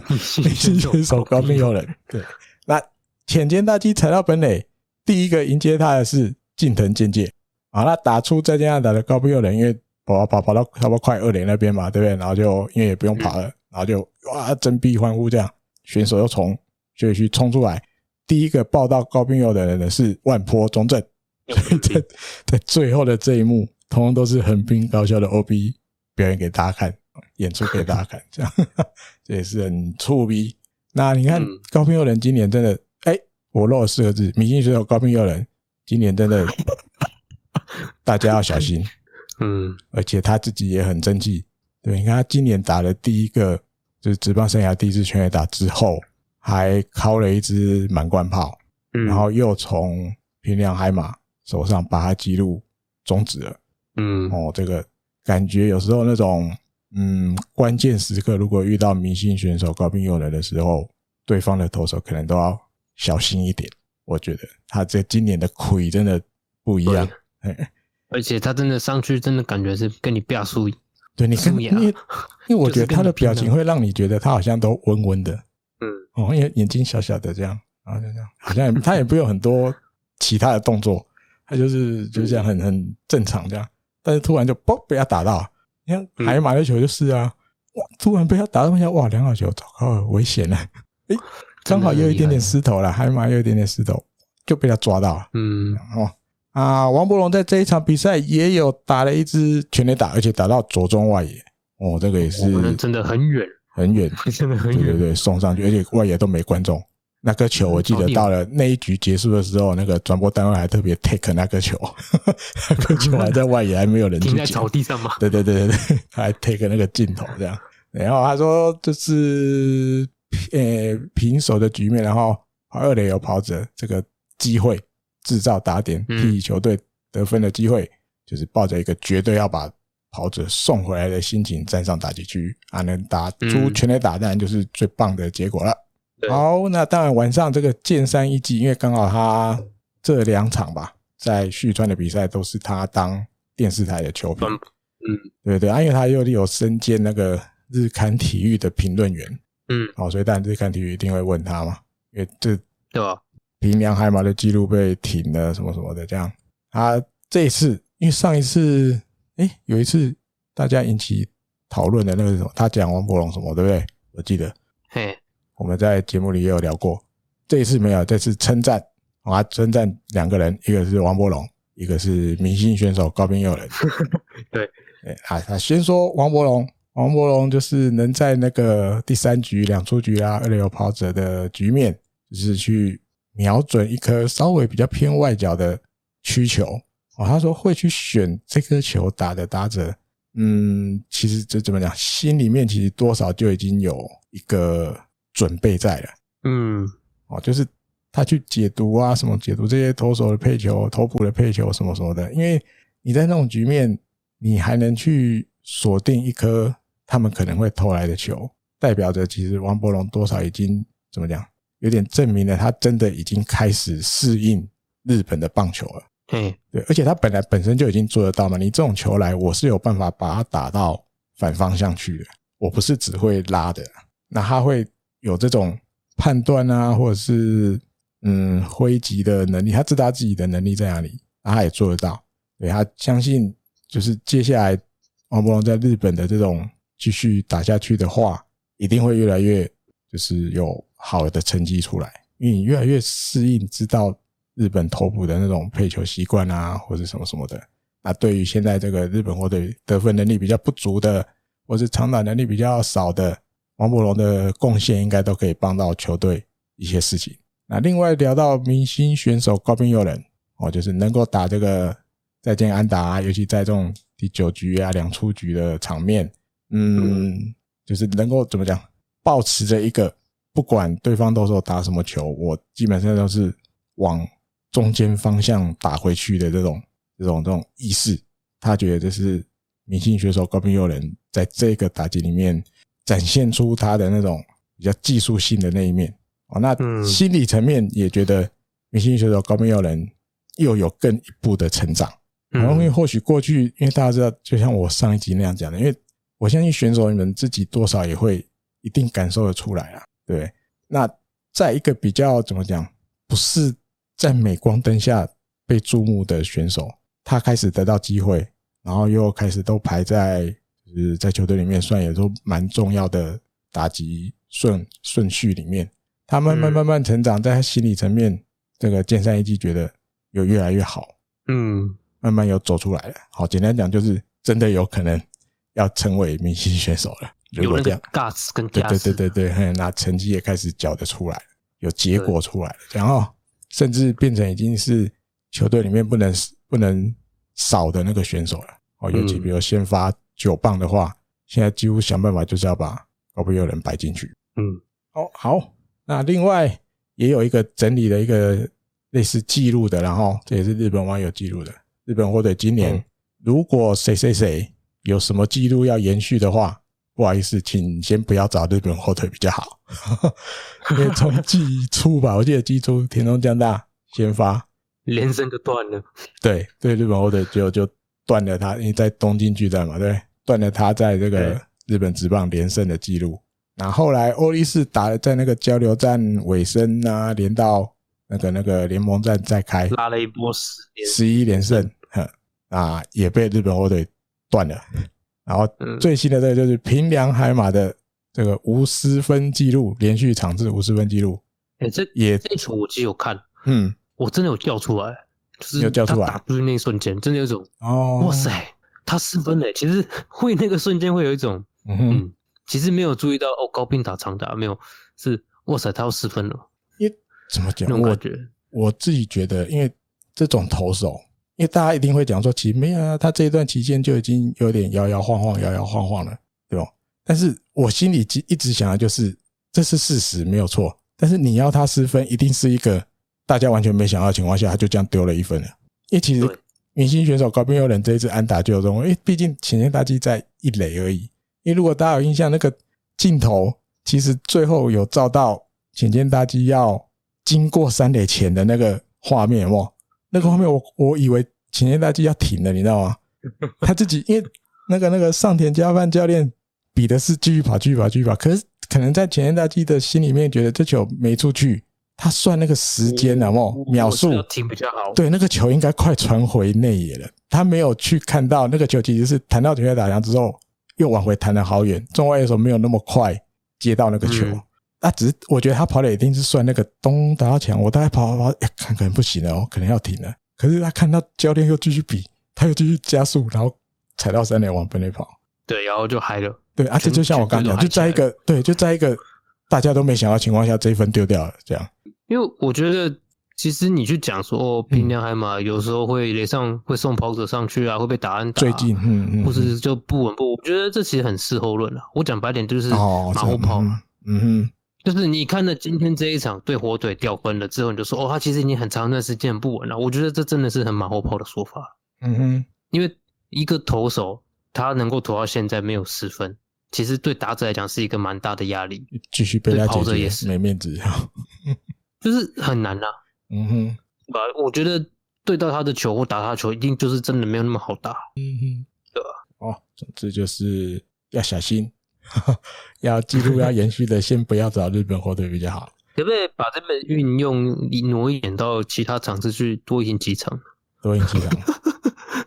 你是的，明 星選手高濱祐仁。對，那淺間大基踩到本壘，第一個迎接他的是近藤健介。好，那打出再見安打的高濱祐仁，因為跑，跑跑跑到差不多快二壘那邊嘛，對不對？然後就因為也不用跑了，然後就哇，振臂歡呼這樣。選手又從休息區衝出來，第一個報到高濱祐的人呢，是萬波中正。所以在在最後的這一幕，通通都是橫濱高校的 O.B. 表演給大家看，演出給大家看，這樣哈哈，這也是很粗逼。那你看高濱祐仁今年真的，哎、欸，我漏了四個字，明星選手高濱祐仁今年真的， 大家要小心。嗯，而且他自己也很爭氣。對，你看他今年打了第一個，就是職棒生涯第一次全壘打之後，還敲了一支滿貫炮，然後又從平良海馬手上把他記錄終止了，嗯，哦，這個感覺有時候那種，嗯，關鍵時刻如果遇到明星選手高濱祐仁的時候，對方的投手可能都要小心一點。我覺得他這今年的虧真的不一樣，對嘿而且他真的上去真的感覺是跟你飆輸，對你，亞你 跟因為因為我覺得他的表情會讓你覺得他好像都溫溫的，嗯，哦，眼睛小小的這樣，啊，就這樣，好像也他也不用很多其他的動作。 他就是就是這樣很很正常這樣，但是突然就嘣，被他打到，你看海馬的球就是啊，嗯、哇！突然被他打到一下，哇！兩好球，哦，危險了！哎、欸，剛好有一點點失投了，海馬有一點點失投，就被他抓到，嗯哦，哦啊，王柏融在這一場比賽也有打了一支全壘打，而且打到左中外野哦，這個也是，真的很遠很遠，真的很遠，對對，送上去，而且外野都沒觀眾。那個球，我記得到了那一局結束的時候，那個轉播單位還特別 take 那個球， 那個球還在外野還沒有人去 停在草地上嘛，對對對對對，還 take 那個鏡頭這樣。然後他說這是呃平手的局面，然後二壘有跑者這個機會制造打點替球隊得分的機會，就是抱着一個絕對要把跑者送回來的心情站上打擊區，啊，能打出全壘打當然就是最棒的結果了。嗯嗯好，那當然晚上這個建山義紀，因為剛好他這兩場吧，在旭川的比賽都是他當電視台的球評，嗯，對，對對，啊、因為他又有身兼那個日刊體育的評論員，嗯，好、哦，所以當然日刊體育一定會問他嘛，因為這對吧？平良海馬的記錄被停了，什麼什麼的，這樣，他這一次，因為上一次，哎、欸，有一次大家引起討論的那個是什麼？他講王柏融什麼，對不對？我記得，嘿。我們在節目裡也有聊過，這一次沒有，這一次稱讚啊，哦、他稱讚兩個人，一個是王柏融，一個是明星選手高濱祐仁。 對，他、哎、啊，先說王柏融，王柏融就是能在那個第三局兩出局啊，二壘跑者的局面，就是去瞄準一顆稍微比較偏外角的曲球。哦、他說會去選這顆球打的打者。嗯，其實這怎麼講，心裡面其實多少就已經有一個。準備在了，嗯，哦，就是他去解讀啊，什麼解讀這些投手的配球、投捕的配球什麼什麼的，因為你在那種局面，你還能去鎖定一顆他們可能會投來的球，代表着其實王柏融多少已經怎麼講，有點證明了他真的已經開始適應日本的棒球了。嗯，對，而且他本來本身就已經做得到嘛，你這種球來，我是有辦法把它打到反方向去的，我不是只會拉的，那他會。有這種判斷啊，或者是嗯揮擊的能力，他知道自己的能力在哪裡，他、啊、也做得到。所以他相信，就是接下來王柏融在日本的這種繼續打下去的話，一定會越來越就是有好的成績出來，因為你越來越適應，知道日本投捕的那種配球習慣啊，或者什麼什麼的。那、啊、對於現在這個日本，或者得分能力比較不足的，或是長打能力比較少的。王柏融的貢獻應該都可以幫到球隊一些事情。那另外聊到明星選手高濱祐仁，哦，就是能夠打這個再見安打，啊，尤其在這種第九局啊兩出局的場面，嗯，嗯，就是能夠怎麼講，保持着一個不管對方到時候打什麼球，我基本上都是往中間方向打回去的這種這種這種、這種意識。他覺得這是明星選手高濱祐仁在這個打擊裡面。展現出他的那種比較技術性的那一面哦，嗯、那心理層面也覺得明星選手高濱祐仁又有更一步的成長。然後因為或許過去因為大家知道，就像我上一集那樣講的，因為我相信選手你們自己多少也會一定感受得出來啊。對，那在一個比較怎麼講，不是在鎂光燈下被注目的選手，他開始得到機會，然後又開始都排在。就是在球隊裡面算也都蠻重要的打擊順順序裡面，他慢慢慢慢成長，在他心理層面，這個建山義紀覺得有越來越好，嗯，嗯，慢慢有走出來了。好，簡單講就是真的有可能要成為明星選手了。如果這樣，有人的 Guts 跟 Guts 對對對對對，那成績也開始交得出來了，有結果出來了，對 然後甚至變成已經是球隊裡面不能不能少的那個選手了。哦，尤其比如先發。嗯九棒的話，現在幾乎想辦法就是要把高濱祐仁擺進去？嗯，好、哦、好。那另外也有一個整理的一個類似記錄的，然後這也是日本網友記錄的。日本火腿今年，嗯、如果誰誰誰有什麼記錄要延續的話，不好意思，請先不要找日本火腿比較好。可以從基初吧，我記得基初田中將大先發，連勝就斷了。對對，對日本火腿就就。斷了他，因為在東京巨蛋嘛，對，斷了他在這個日本職棒連勝的記錄。那、欸、後，後來歐力士打在那個交流戰尾聲啊，連到那個那個聯盟戰再開，拉了一波十十一連勝，哼，嗯嗯、啊，也被日本火腿斷了。嗯、然後最新的這個就是平良海馬的這個無失分記錄，連續場次無失分記錄。哎、欸，這也這出我其實有看，嗯，我真的有叫出來。就是他打出去那一瞬間，真的有種哦，哇塞，他失分了。其實會那個瞬間會有一種，嗯，其實沒有注意到哦，高濱打長打沒有？是哇塞，他要失分了。因為怎麼講？我覺我自己覺得，因為這種投手，因為大家一定會講說，其實沒有啊，他這一段期間就已經有點搖搖晃晃、搖搖晃晃了，對吧？但是我心裡一一直想的就是，這是事實，沒有錯。但是你要他失分，一定是一個。大家完全沒想到的情況下，他就這樣丟了一分了。因為其實明星選手高濱祐仁這一次安打就中，因為畢竟淺間大基在一壘而已。因為如果大家有印象，那個鏡頭其實最後有照到淺間大基要經過三壘前的那個畫面，哦，那個畫面我我以為淺間大基要停了，你知道嗎？他自己因為那個那個上田佳範教練比的是繼續跑，繼續跑，繼續跑。可是可能在淺間大基的心裡面，覺得這球沒出去。他算那個時間然後秒數停比較好。對，那個球應該快傳回內野了。他沒有去看到那個球，其實是彈到停下打牆之後，又往回彈了好遠。中外野手沒有那麼快接到那個球。那、嗯啊、只是我覺得他跑了一定是算那個咚打到牆，我大概跑跑跑，跑欸、看可能不行了、哦，可能要停了。可是他看到教練又繼續比，他又繼續加速，然後踩到三壘往本壘跑。對，然後就嗨了。對，而、啊、且就像我剛講，就在一個對，就在一個大家都沒想到情況下，這一分丟掉了，這樣。因為我覺得，其實你去講說哦，平良海馬有時候會壘上會送跑者上去啊，嗯、會被打安打、啊，最近嗯嗯，嗯或是就不穩不穩，我覺得這其實很事後論了。我講白點就是馬後炮、哦，嗯哼，嗯哼就是你看了今天這一場對火腿掉分了之後，你就說哦，他其實已經很長段時間不穩了。我覺得這真的是很馬後炮的說法，嗯哼，因為一個投手他能夠投到現在沒有失分，其實對打者來講是一個蠻大的壓力，繼續被他跑者也是沒面子 就是很難吶、啊，嗯哼，對，我覺得對到他的球或打他的球，一定就是真的沒有那麼好打，嗯哼，對吧、啊？哦，總之就是要小心，呵呵，要記錄要延續的，先不要找日本火腿比較好。可不可以把他們運用挪一點到其他場次去，多贏幾場，多贏幾場，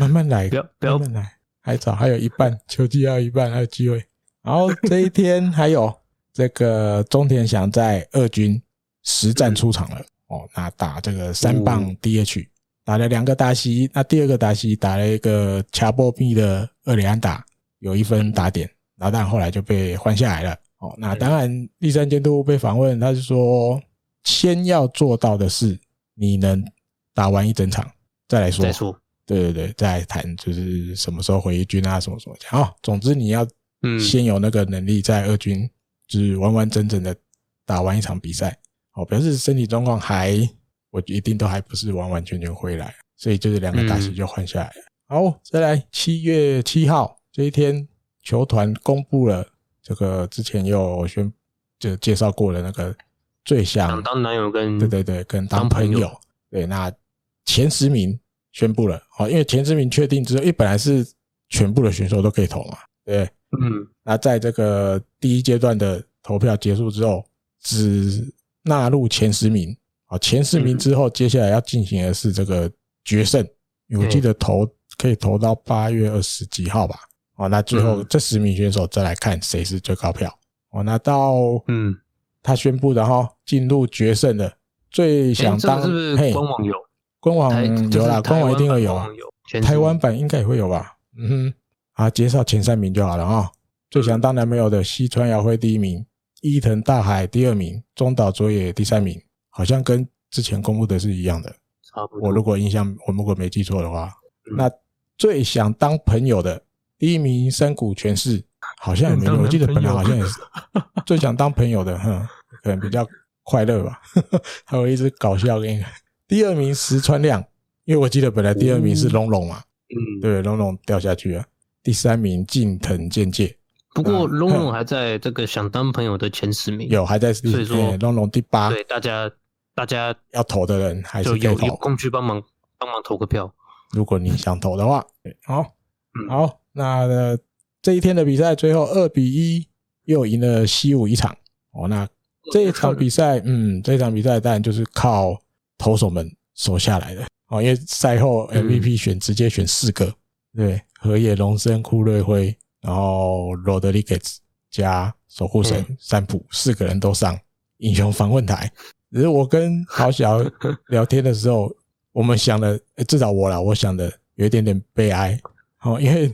慢慢來，不要不要慢慢來，還早，還有一半，球季還有一半還有機會。然後這一天還有這個中田翔在二軍。實戰出場了哦，那打這個三棒 DH，嗯、打了兩個打席，那第二個打席打了一個掐波比的二壘安打，有一分打點，然後但後來就被換下來了哦。那當然，栗山監督被訪問，他就說，先要做到的是你能打完一整場，再來說，嗯、對對對，再來談就是什麼時候回一軍啊，什麼什麼講啊，總之你要嗯，先有那個能力在二軍就是完完整整的打完一場比賽。哦，表示身體狀況還，我一定都還不是完完全全回來，所以就是兩個打席就換下來了。嗯、好，再來七月七號這一天，球團公布了這個之前有宣就介紹過的那個最想當男友跟對對對跟當朋友、當朋友對，那前十名宣布了哦，因為前十名確定之後，因為本來是全部的選手都可以投嘛，對，嗯，那在這個第一階段的投票結束之後，只納入前十名，啊，前十名之後，接下來要進行的是這個決勝。嗯、我記得投可以投到八月二十幾號吧？嗯、哦，那最後這十名選手再來看誰是最高票。哦，拿到嗯，他宣布然後進入決勝的最想當、欸這個，是不是官網有？官網有啦，就是、官網一定會有。台灣版，版應該也會有吧？嗯哼，啊，介紹前三名就好了啊、哦。最想當男朋友的、嗯、西川遙輝第一名。伊藤大海第二名，中島卓也第三名，好像跟之前公布的是一樣的。差不多。我如果印象我如果沒記錯的話，嗯、那最想當朋友的第一名杉谷拳士好像也沒有，嗯、我記得本來好像也是最想當朋友的，哈，可能比較快樂吧。還有一只搞笑給你看，第二名石川亮，因為我記得本來第二名是龍龍嘛，嗯，對，龍龍掉下去了。第三名近藤健介。不過龍龍還在這個想當朋友的前十名，嗯、有還在，所以說龍龍、嗯、第八。對大家，大家要投的人還是投有有空去幫忙幫忙投個票。如果你想投的話，好，好，嗯、好，那、呃、這一天的比賽最後二比一又贏了西武一場哦。那這一場比賽，嗯，嗯，這一場比賽當然就是靠投手們守下來的哦。因為賽後 MVP 選直接選四個，嗯、對，河野龍生、堀瑞輝。然後羅德里格斯加守護神三浦四個人都上英雄訪問台。只是我跟豪曉聊天的時候，我們想的至少我啦，我想的有一點點悲哀。哦，因為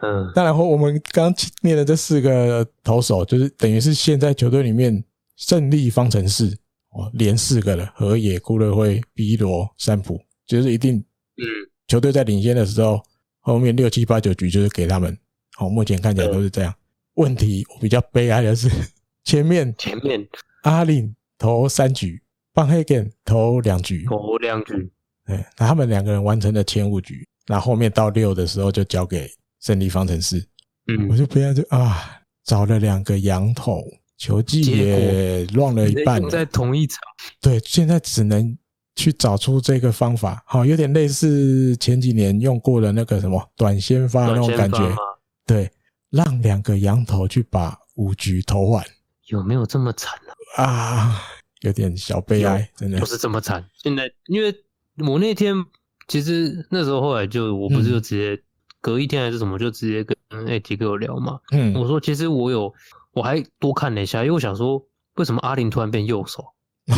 嗯，當然我們剛念的這四個投手，就是等於是現在球隊裡面勝利方程式哦，連四個了：河野、堀瑞輝、逼羅、三浦，就是一定嗯，球隊在領先的時候，後面六七八九局就是給他們。我目前看起來都是這樣。嗯、問題我比較悲哀的是，前面前面阿林投三局，邦黑根投兩局，投兩局、嗯。對，那他們兩個人完成了前五局，那後，後面到六的時候就交給勝利方程式。嗯，我就不要就啊，找了兩個羊頭，球技也亂了一半了。在，在同一場，對，現在只能去找出這個方法。好、哦，有點類似前幾年用過的那個什麼短先發那種感覺。對，讓兩個羊頭去把五局投完，有沒有這麼慘呢、啊？啊，有點小悲哀，有真的不是這麼慘。現在，因為我那天其實那時候後來就，我不是就直接、嗯、隔一天還是什麼，就直接跟艾迪哥聊嘛。嗯，欸、嗯，我說其實我有我還多看了一下，因為我想說為什麼阿玲突然變右手，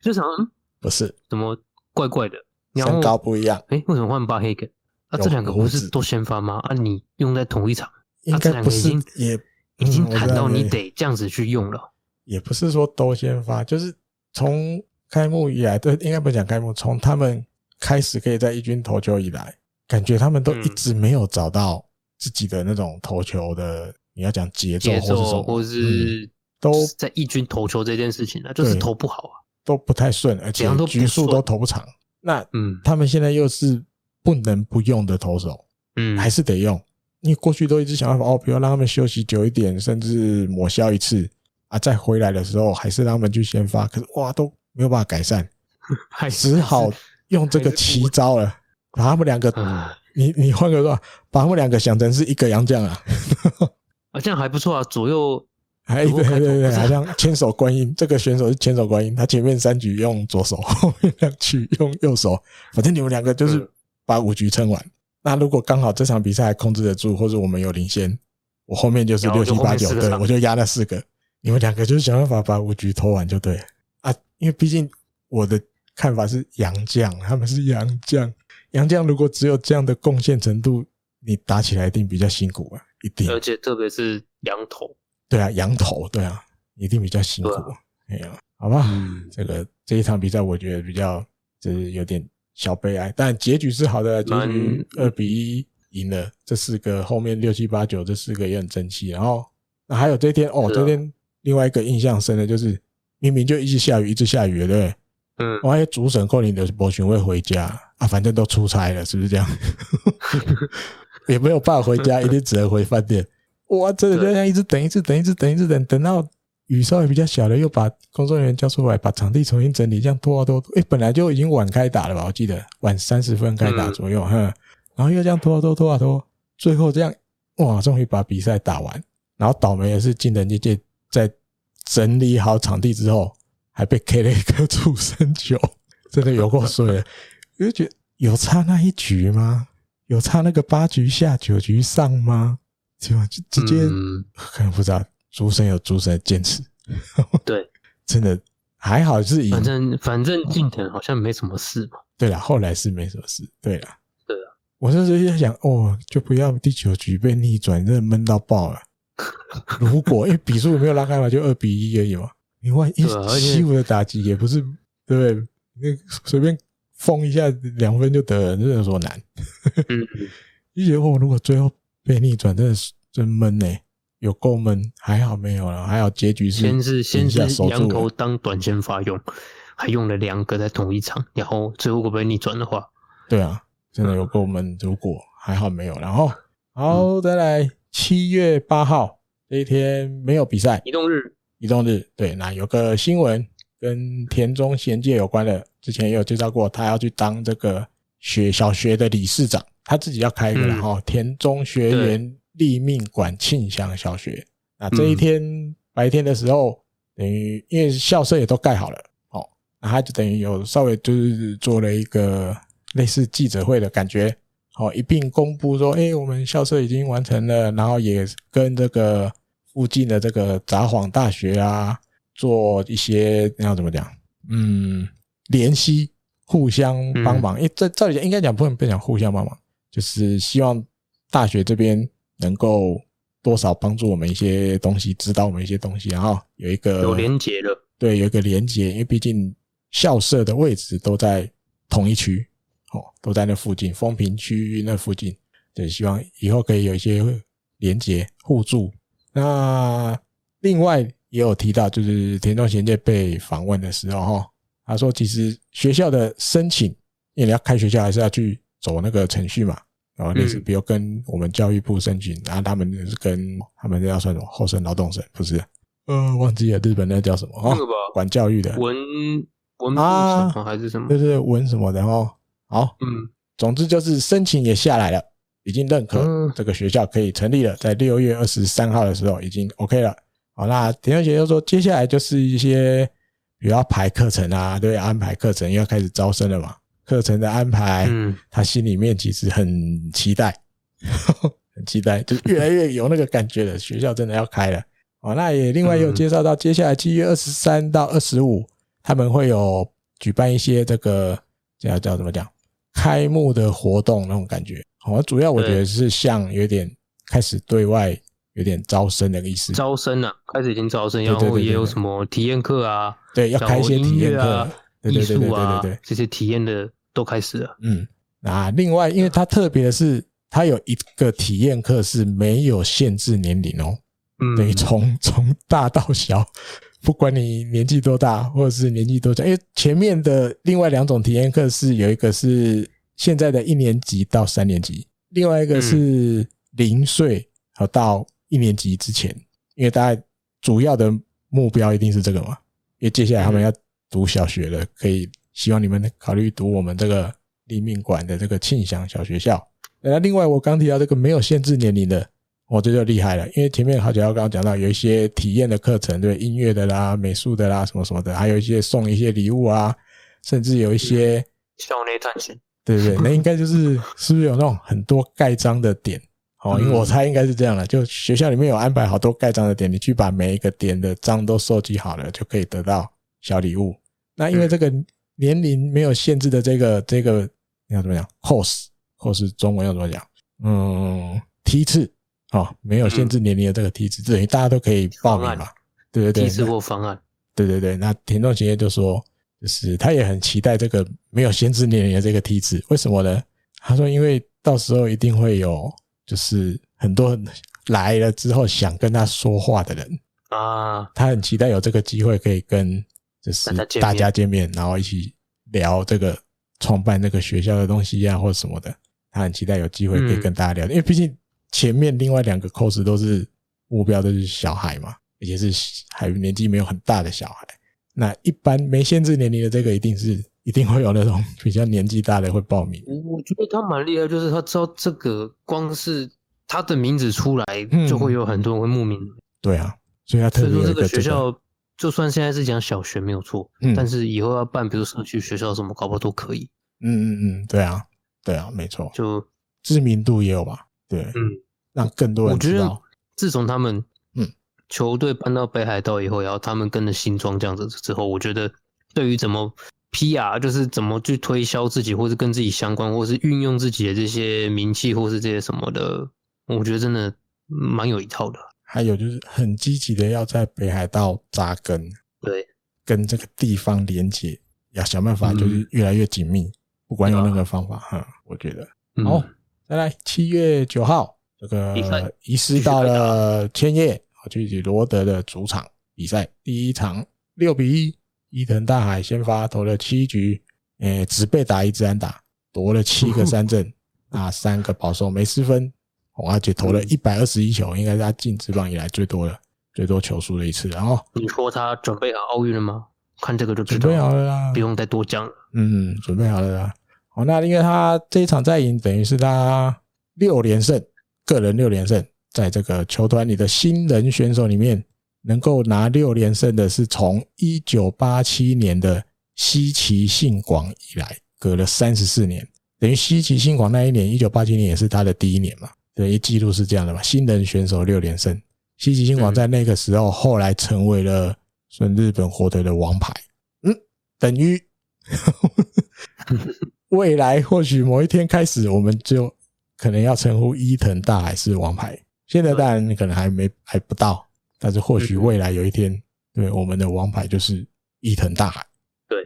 就常，嗯、不是怎麼怪怪的，身高不一樣，誒、欸，為什麼換八黑根？那、啊、這兩個不是都先發嗎？鬍啊，你用在同一場，應該不是也，啊、已經談、嗯、到你得這樣子去用了。也不是說都先發，就是從開幕以來，對，應該不講開幕，從他們開始可以在一軍投球以來，感覺他們都一直沒有找到自己的那種投球的，你要講節奏或節奏，或是、嗯、都是在一軍投球這件事情那，啊、就是投不好啊，啊，都不太順，而且局數都投不長。那嗯，那他們現在又是。不能不用的投手，嗯，還是得用。你過去都一直想辦法哦，比如讓他們休息久一點，甚至抹消一次啊，再回來的時候還是讓他們去先發。可是哇，都沒有辦法改善，還、哎、只好用這個奇招了，哎哎、把他們兩個，啊、你你換個說，把他們兩個想成是一個洋將啊 ，啊，這樣還不錯啊。左右還、哎、對對對，好、啊、這像千手觀音 這個選手是千手觀音，他前面三局用左手，後面兩局用右手，反正你們兩個就是。嗯把五局撐完，那如果剛好這場比賽還控制得住，或者我們有領先，我後面就是六七八九，對，我就壓了四個。你們兩個就是想辦法把五局拖完就對啊，啊，因為畢竟我的看法是洋將，他們是洋將，洋將如果只有這樣的貢獻程度，你打起來一定比較辛苦啊，一定。而且特別是洋投，對啊，洋投，對啊，一定比較辛苦，哎呀、啊啊，好吧？嗯、這個這一場比賽我覺得比較就是有點。小悲哀，但結局是好的，結局二比一贏了。這四個後面六七八九這四個也很爭氣。然後還有這天哦，這天另外一個印象深的就是明明就一直下雨，一直下雨了，對不對？嗯。我還有主審桂林的博群會回家啊，反正都出差了，是不是這樣？ 也沒有辦法回家，一定只能回飯店。 哇，真的就這樣一直等，一直等，一直等，一直等，等到。雨稍微比較小的，又把工作人員叫出來，把場地重新整理，這樣拖啊拖、啊拖，哎、欸，本來就已經晚開打了吧？我記得晚三十分開打左右哈、嗯，然後又這樣拖啊拖啊拖啊拖，最後這樣哇，終於把比賽打完。然後倒霉的是，近藤健介在整理好場地之後，還被 K 了一顆觸身球，真的有夠衰。我就、嗯、覺得有差那一局嗎？有差那個八局下九局上嗎？結果就直接、嗯、可能不知道。主審有主審的堅持，對呵呵，真的還好是反正反正近藤、嗯、好像沒什麼事吧？對了，後來是沒什麼事。對了，對啦，我那時候在想，哦，就不要第九局被逆轉，真的悶到爆了。 如果因為比數沒有拉開嘛，就二比一而已嘛，你萬一西五的打擊也不是，對不對？那隨便封一下兩分就得了，真的說難。一九五如果最後被逆轉，真的是真悶哎。有夠悶，還好沒有了，還好結局是先，是先是兩頭當短線發用，還用了兩個在同一場，然後最後如果被逆轉的話，對啊，真的有夠悶，如果、嗯、還好沒有，然後好再來七月八號那一天沒有比賽，移動日，移動日，對，那有個新聞跟田中賢介有關的，之前也有介紹過，他要去當這個學小學的理事長，他自己要開一個、嗯、然後田中學園立命館慶祥小學，那這一天白天的時候，等於因為校舍也都蓋好了，哦，那他就等於有稍微就是做了一個類似記者會的感覺，哦，一併公布說，誒，我們校舍已經完成了，然後也跟這個附近的這個札幌大學啊，做一些你要怎麼講，嗯，聯繫，互相幫忙，因為這照理應該講不能不能講互相幫忙，就是希望大學這邊。能夠多少幫助我們一些東西，指導我們一些東西，啊，然後有一個有連結的，對，有一個連結，因為畢竟校舍的位置都在同一區，哦，都在那附近，豐平區域那附近，對，希望以後可以有一些連結互助。那另外也有提到，就是田中賢介被訪問的時候，哈，他說其實學校的申請，因為你要開學校，還是要去走那個程序嘛。然後是比如跟我們教育部申請，然後、嗯啊、他們是跟他們那叫什麼厚生勞動省，不是？呃，忘記了，日本那叫什麼？哦、那個管教育的文文啊，文還是什麼？就是文什麼的哦。好，嗯，總之就是申請也下來了，已經認可這個學校可以成立了，在六月二十三號的時候已經 OK 了。好，那田小姐就說，接下來就是一些比如要排課程啊，對，安排課程，因為要開始招生了嘛。課程的安排，嗯，他心裡面其實很期待呵呵，很期待，就越來越有那個感覺了。 學校真的要開了哦。那也另外也有介紹到，接下來七月二十三到二十五，他們會有舉辦一些這個叫叫,叫怎麼講開幕的活動，那種感覺。好、哦，主要我覺得是像有點開始對外有點招生的意思，對招生了、啊，開始已經招生，然後也有什麼體驗課啊，對，要開一些體驗課、音樂啊、對對對藝術啊這些體驗的。都開始了，嗯，那另外，因為它特別的是，它有一個體驗課是沒有限制年齡哦、喔，嗯，對，從從大到小，不管你年紀多大或者是年紀多小，因為前面的另外兩種體驗課是有一個是現在的一年級到三年級，另外一個是零歲和到一年級之前，嗯、因為大家主要的目標一定是這個嘛，因為接下來他們要讀小學了，嗯、可以。希望你們考慮讀我們這個立命館的這個慶祥小學校。那另外，我剛提到這個沒有限制年齡的，我覺得厲害了，因為前面好幾條剛剛講到，有一些體驗的課程，對音樂的啦、美術的啦、什麼什麼的，還有一些送一些禮物啊，甚至有一些校內賺錢， 對不對？那應該就是是不是有那種很多蓋章的點？嗯、哦，因為我猜應該是這樣了，就學校裡面有安排好多蓋章的點，你去把每一個點的章都收集好了，就可以得到小禮物。那因為這個。年齡沒有限制的這個這個，你要怎麼講 course，course 中文要怎麼講？嗯，梯次啊、哦，沒有限制年齡的這個梯次，嗯、這等於大家都可以報名嘛，方案，對不對？梯次或方案，對對對。那田中先生就說，就是他也很期待這個沒有限制年齡的這個梯次，為什麼呢？他說，因為到時候一定會有，就是很多來了之後想跟他說話的人啊，他很期待有這個機會可以跟。就是大家見面，見面然後一起聊這個創辦那個學校的東西呀、啊，或者什麼的。他很期待有機會可以跟大家聊，嗯、因為畢竟前面另外兩個 course 都是目標都是小孩嘛，而且是還年紀沒有很大的小孩。那一般沒限制年齡的這個，一定是一定會有那種比較年紀大的會報名。我我覺得他蠻厲害，就是他知道這個光是他的名字出來，就會有很多人會慕名。嗯、對啊，所以他特別說這個學校。就算現在是講小學沒有錯，嗯、但是以後要辦，比如說去學校什麼，搞不好都可以。嗯嗯嗯，對啊，對啊，沒錯。就知名度也有吧？對，嗯，讓更多人知道。我覺得自從他們嗯球隊搬到北海道以後，嗯、然後他們跟着新莊這樣子之後，我覺得對於怎麼 PR，就是怎麼去推銷自己，或是跟自己相關，或是運用自己的這些名氣，或是這些什麼的，我覺得真的蠻有一套的。還有就是很積極的要在北海道扎根，對，跟這個地方連接，要想辦法就是越來越緊密，嗯、不管用任何方法哈、啊嗯，我覺得。嗯、好，再來七月九號這個移師到了千葉，啊，去羅德的主場比賽，第一場六比一，伊藤大海先發投了七局，誒、呃，只被打一支安打，奪了七個三振，啊， 三個保送，沒失分。阿姐、哦、投了一百二十一球，嗯、應該是他進職棒以來最多的、最多球數的一次。然後你說他準備好奧運了嗎？看這個就知道。準備好了啦。不用再多講。嗯，準備好了啦。哦，那因為他這一場再贏，等於是他六連勝，個人六連勝，在這個球團裡的新人選手裡面，能夠拿六連勝的是從一九八七年的西崎幸廣以來，隔了三十四年，等於西崎幸廣那一年一九八七年也是他的第一年嘛。等於記錄是這樣的吧。新人選手六連勝，西崎幸廣在那個時候後來成為了算日本火腿的王牌。嗯，等於 未來或許某一天開始，我們就可能要稱呼伊、e、藤大海是王牌。現在當然可能還沒還不到，但是或許未來有一天，對，我們的王牌就是伊、e、藤大海。對，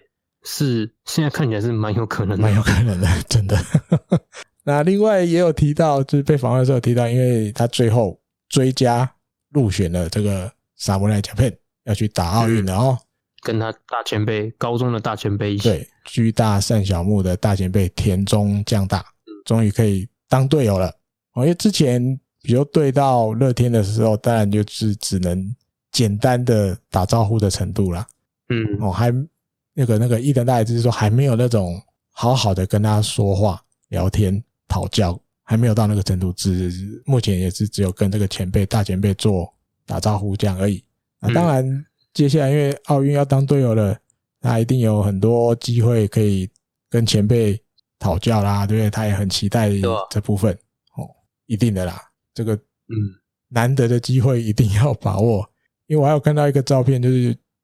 是現在看起來是蠻有可能的，蠻有可能的，真的。 那另外也有提到，就是被訪問的時候提到，因為他最後追加入選了這個侍 Japan，要去打奧運了哦，跟他大前輩高中的大前輩，一起，對駒大苫小牧的大前輩田中將大，終於可以當隊友了哦，嗯、因為之前比如對到樂天的時候，當然就是只能簡單的打招呼的程度了，嗯，哦、喔、還那個那個伊藤大海就是說還沒有那種好好的跟他說話聊天。討教還沒有到那個程度，只是目前也是只有跟這個前輩、大前輩做打招呼這樣而已。嗯、啊，當然接下來因為奧運要當隊友了，他一定有很多機會可以跟前輩討教啦，對不對？他也很期待這部分哦，一定的啦，這個嗯，難得的機會一定要把握。因為我還有看到一個照片，就是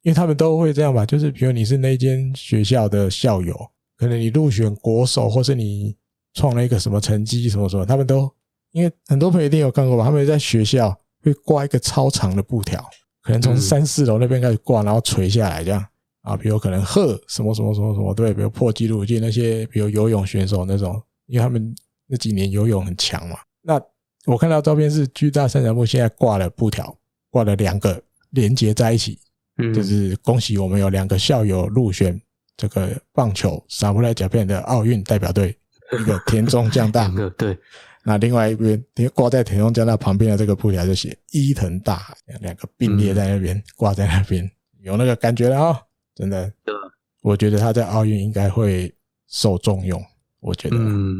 因為他們都會這樣吧，就是比如你是那間學校的校友，可能你入選國手或是你。創了一個什麼成績什麼什麼，他們都因為很多朋友一定有看過吧？他們在學校會掛一個超長的布條，可能從三四樓那邊開始掛，然後垂下來這樣啊。比如可能賀什麼什麼什麼什麼，對，比如破紀錄，就那些比如游泳選手那種，因為他們那幾年游泳很強嘛。那我看到照片是巨大三角木，現在掛了布條，掛了兩個連接在一起，嗯，就是恭喜我們有兩個校友入選這個棒球 Samurai Japan 的奧運代表隊。一個田中將大， 對，那另外一邊，你掛在田中將大旁邊的這個布條就寫伊藤大，兩個並列在那邊掛、嗯、在那邊，有那個感覺了啊，真的，對，我覺得他在奧運應該會受重用，我覺得，嗯，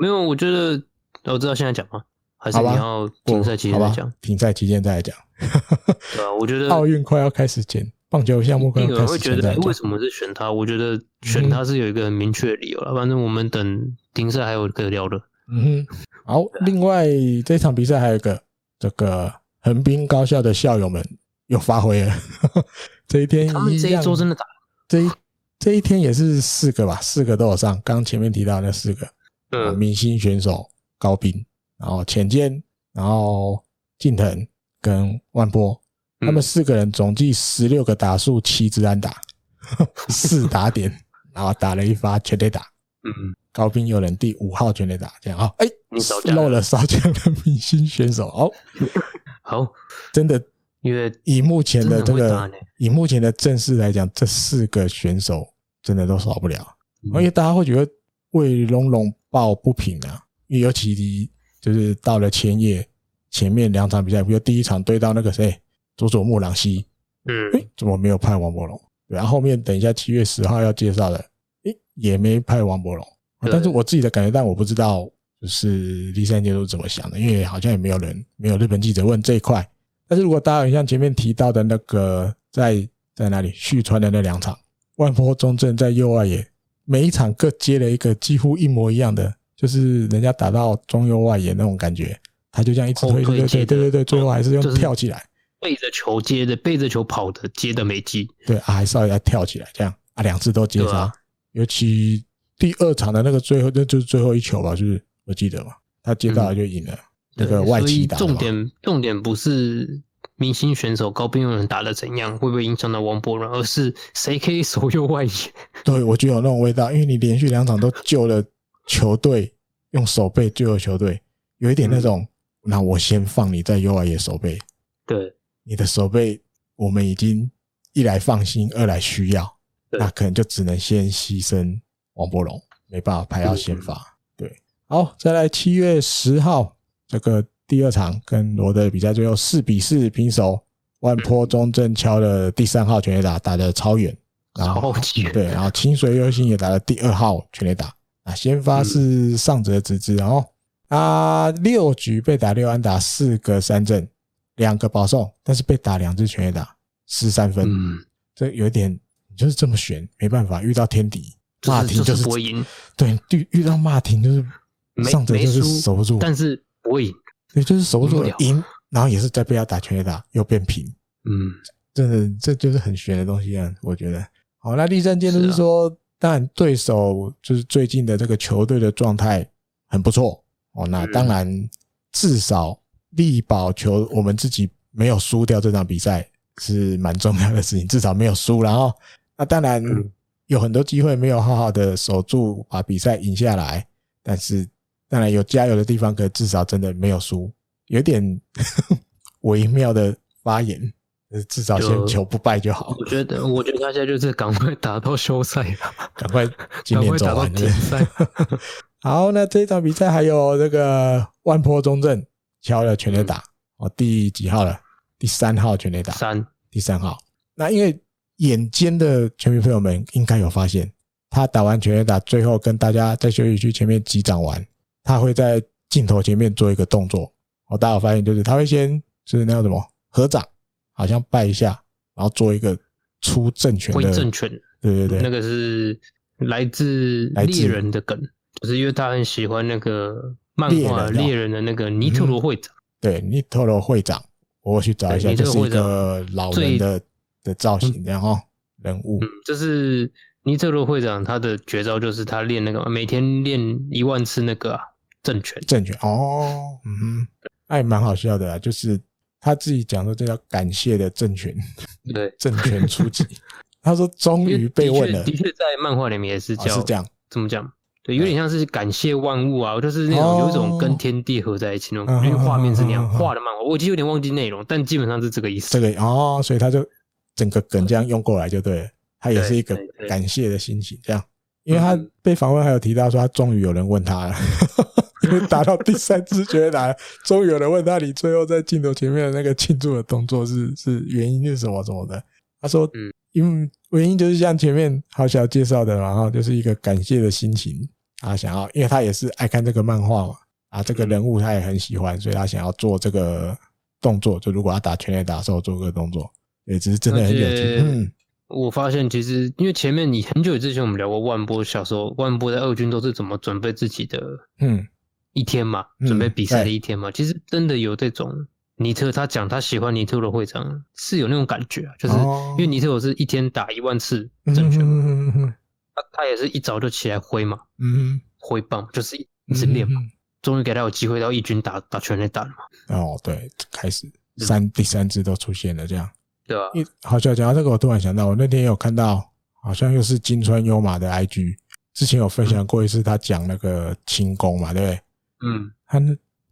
沒有，我覺得，我知道現在講嗎？還是你要停賽期間再講？停賽期間再來講，哈哈哈對啊，我覺得奧運快要開始前。棒球項目、嗯嗯，有人會覺得、欸、為什麼是選他？我覺得選他是有一個很明確的理由啦。嗯、哼反正我們等停賽還有個聊的。嗯，哼。好，對另外這場比賽還有一個這個橫濱高校的校友們又發揮了， 這一天一樣，他們這一周真的打。這一這一天也是四個吧，四個都有上。剛前面提到的那四個，嗯，明星選手高濱，然後淺間，然後近藤跟萬波。他們四個人總計十六個打數，嗯、七支安打，四打點， 然後打了一發全壘打。嗯,嗯，高濱祐仁第五號全壘打，這樣啊？哎，漏、欸、了少講幾個明星選手哦。好， 好真的，因為以目前的這個，以目前的陣勢來講，這四個選手真的都少不了。嗯、而且大家會覺得會為龍龍抱不平啊，因為尤其就是到了千葉前面兩場比賽，比如第一場對到那個誰。欸佐佐木朗希，嗯，哎、欸，怎麼沒有派王柏融？對，然後後面等一下七月十號要介紹的，哎、欸，也沒派王柏融，啊、但是我自己的感覺，但我不知道就是栗山監督都怎麼想的，因為好像也沒有人，沒有日本記者問這一塊。但是如果大家很像前面提到的那個，在在哪裡旭川的那兩場，萬波中正在右外野，每一場各接了一個幾乎一模一樣的，就是人家打到中右外野那種感覺，他就這樣一直推，對對對對對，對，對對對對對，哦就是、最後還是用跳起來。背着球接的，背着球跑的，接的沒進。對、啊，還稍微要跳起來，這樣啊，兩次都接殺。啊、尤其第二場的那個最後那就是最後一球吧，就是我記得嘛，他接到了就贏了。嗯、那個外野打，重點重點不是明星選手高濱祐仁打得怎樣，會不會影響到王柏融，而是誰可以守右外野。對，我覺得有那種味道，因為你連續兩場都救了球隊， 用守備救了球隊，有一點那種，嗯、那我先放你在右外野守備。對。你的守備我們已經一來放心，二來需要，對那可能就只能先犧牲王柏融，沒辦法排到先發。對，好，再來七月十號這個第二場跟羅德的比賽，最後四比四平手。萬波中正敲的第三號全壘打打得超遠，然後超遠。對，然後清水優心也打了第二號全壘打，啊，先發是上澤直之，然後、嗯哦、啊六局被打六安打四個三振。兩個保送，但是被打,兩打，兩只全壘打失三分，嗯，這有點就是這麼懸，沒辦法，遇到天敵，罵停就是不贏，就是、對，遇到罵停就是上場就是守不住，但是不會贏，對，就是守不住贏，然後也是再被他打全壘打又變平，嗯這，真的這就是很懸的東西啊，我覺得。好，那第三件就是說，是啊、當然對手就是最近的這個球隊的狀態很不錯哦，那當然至少、嗯。力保球，我們自己沒有輸掉這場比賽是蠻重要的事情，至少沒有輸。然後，那當然有很多機會沒有好好的守住，把比賽贏下來。但是，當然有加油的地方，可至少真的沒有輸，有點微妙的發言。至少先求不敗就好。就我覺得，我覺得大家就是趕快打到休賽吧，趕快今年中完是不是快打到停賽？ 好，那這一場比賽還有這個萬波中正。敲了全壘打、嗯、哦，第幾號了？第三號全壘打。三，第三號。那因為眼尖的球迷朋友們應該有發現，他打完全壘打，最後跟大家在休息區前面擊掌完，他會在鏡頭前面做一個動作。我、哦、大家有發現就是，他會先是那叫什麼合掌，好像拜一下，然後做一個出正拳的正拳，對對對，那個是來自獵人的梗，自就是因為他很喜歡那個。漫畫獵人的那個尼特羅會長，嗯、對尼特羅會長，我去找一下，對這是一個老人的以的造型這樣，喔，然後、嗯、人物、嗯，就是尼特羅會長，他的絕招就是他練那個每天練一萬次那個、啊、正拳。正拳。哦，嗯哼，還蠻好笑的，就是他自己講說這叫感謝的正拳。對，正拳出擊， 他說終於被問了，的確在漫畫裡面也是叫，啊、是這樣，怎麼講？對，有點像是感謝萬物啊，就是那種有一種跟天地合在一起那種，因為畫面是那樣畫的嘛，我已經有點忘記內容，但基本上是這個意思。這個哦，所以他就整個梗這樣用過來就對了。他也是一個感謝的心情這樣。因為他被訪問還有提到說，他終於有人問他了，因為打到第三次覺得打終於有人問他，你最後在鏡頭前面的那個慶祝的動作是是原因是什麼什麼的？他說，嗯，因為原因就是像前面好小介紹的然後就是一個感謝的心情。他想要，因為他也是愛看這個漫畫嘛，啊，這個人物他也很喜歡，所以他想要做這個動作。就如果他打全壘打的時候做這個動作，也其實真的很有趣。我發現其實，因為前面你很久之前我們聊過萬波小時候，萬波在二軍都是怎麼準備自己的嗯一天嘛，嗯嗯、準備比賽的一天嘛，其實真的有這種尼特羅，他講他喜歡尼特羅會長是有那種感覺、啊、就是因為尼特羅是一天打一萬次正拳。哦嗯嗯嗯嗯他他也是一早就起來揮嘛，嗯，揮棒、嗯、哼就是一直練嘛，嗯、哼終於給他有機會到一軍打打全壘打了嘛。哦，對，開始三第三支都出現了這樣，對啊，嗯、好像講到這，那個我突然想到，我那天有看到，好像又是金川優馬的 IG，之前有分享過一次，嗯，他講那個輕功嘛，對不對？嗯，他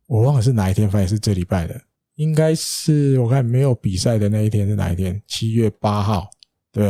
我忘了是哪一天，反正是這禮拜的，應該是我看沒有比賽的那一天是哪一天？七月八號，對，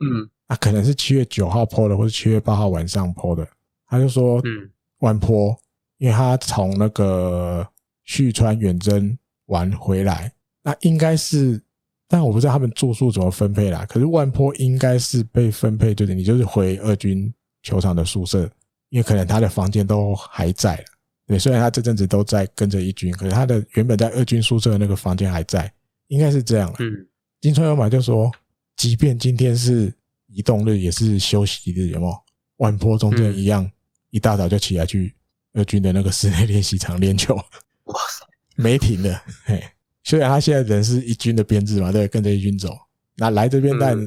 嗯。他、啊、可能是七月九號 PO 的，或是七月八號晚上 PO 的。他就說：“嗯，萬波，因為他從那個旭川遠征完回來，那應該是……但我不知道他們住宿怎麼分配啦，可是萬波應該是被分配，就是你就是回二軍球場的宿舍，因為可能他的房間都還在。對，雖然他這陣子都在跟着一軍，可是他的原本在二軍宿舍的那個房間還在，應該是這樣啦。嗯，今川優馬就說，即便今天是。移動日也是休息日，有沒有？萬波中間一樣，嗯、一大早就起來去二軍的那個室內練習場練球。哇塞，沒停的。嘿，雖然他現在人是一軍的編製嘛，對，跟着一軍走。那來這邊，但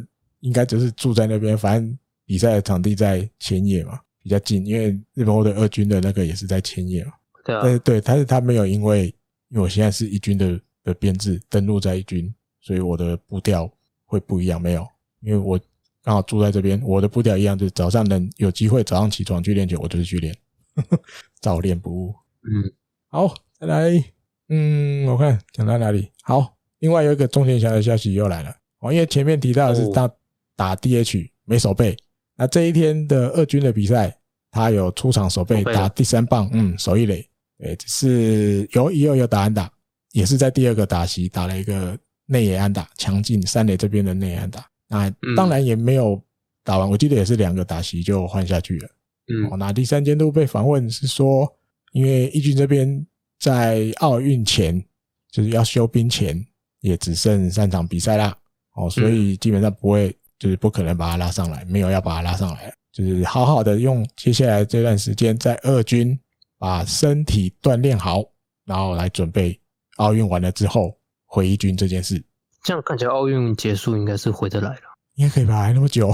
應該就是住在那邊，嗯、反正比賽的場地在千葉嘛，比較近。因為日本火腿二軍的那個也是在千葉嘛。對啊。但是對，但是他沒有因為，因為我現在是一軍的的編製，登陸在一軍，所以我的步調會不一樣，沒有，因為我。剛好住在這邊，我的步調一樣，就是早上能有機會早上起床去練球，我就是去練，呵呵，照練不誤。嗯，好，再來，嗯，我看講到哪裡？好，另外有一個中田翔的消息又來了，哦，因為前面提到的是他打 DH 沒守備，那這一天的二軍的比賽，他有出場守備打第三棒，嗯，備嗯、守一壘，哎，是有一二有打安打，也是在第二個打席打了一個內野安打，強勁三壘這邊的內野安打。那當然也沒有打完，我記得也是兩個打席就換下去了。嗯，那栗山監督被訪問是說，因為一軍這邊在奧運前就是要休兵前，也只剩三場比賽啦，哦，所以基本上不會，就是不可能把他拉上來，沒有要把他拉上來，就是好好的用接下來這段時間在二軍把身體鍛鍊好，然後來準備奧運完了之後回一軍這件事。這樣看起來，奧運結束應該是回得來了。應該可以吧，還那麼久，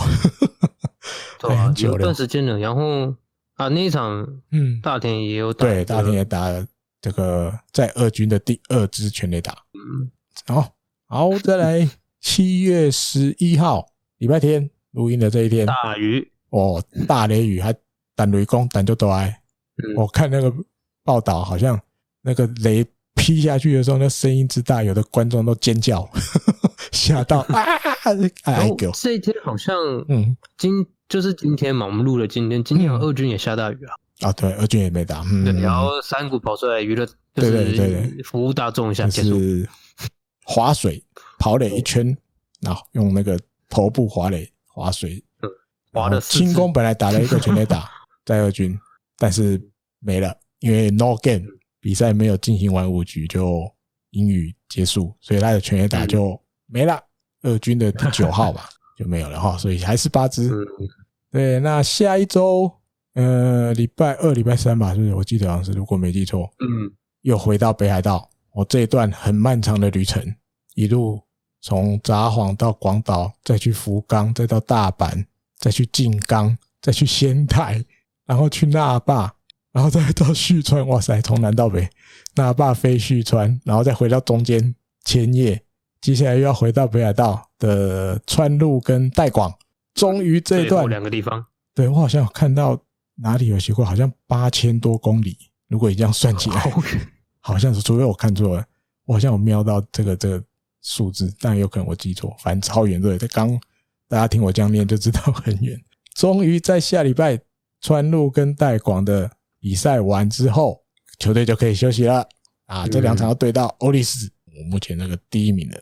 對啊，哎、很久了，有段時間了。然後啊，那一場，嗯，大田也有打、嗯，對，大田也打了。這個在二軍的第二支全壘打。嗯、好、哦，好，再來七月十一號、嗯、禮拜天錄音的這一天，大雨魚，哦，大雷雨、嗯、還打雷公，打就多哎。我、嗯哦、看那個報道，好像那個雷。劈下去的時候，那聲音之大，有的觀眾都尖叫，嚇到、啊啊哦。這一天好像，嗯，今就是今天嘛，我們錄了今天。今天有二軍也下大雨啊，啊、哦，對，二軍也沒打、嗯。然後山谷跑出來娛樂，對、就、對、是、服務大眾一下，對對對，就是滑水，跑了一圈，嗯、然後用那個頭部滑壘滑水，嗯、滑的清宮本來打了一個全壘打在二軍, 軍，但是沒了，因為 no game。比賽沒有進行完五局就因雨結束，所以他的全壘打就沒了。 二軍的第九號吧，就沒有了哈，所以還是八支。 對，那下一周，呃，禮拜二、禮拜三吧，是不是？我記得好像是，如果沒記錯，嗯，又回到北海道。我這一段很漫長的旅程，一路從札幌，到廣島，再去福岡，再到大阪，再去靜岡，再去仙台，然後去那霸。然後再到旭川，哇塞，從南到北，那霸飛旭川，然後再回到中間千葉，接下來又要回到北海道的川路跟帶廣，終於這段兩個地方，對我好像有看到哪裡有寫過，好像八千多公里，如果你這樣算起來，Okay. 好像是，除非我看錯了，我好像有瞄到這個這個數字，但有可能我記錯，反正超遠對，這剛大家聽我這樣念就知道很遠，終於在下禮拜川路跟帶廣的，比賽完之後，球隊就可以休息了啊！這兩場要對到歐力士，我目前那個第一名的，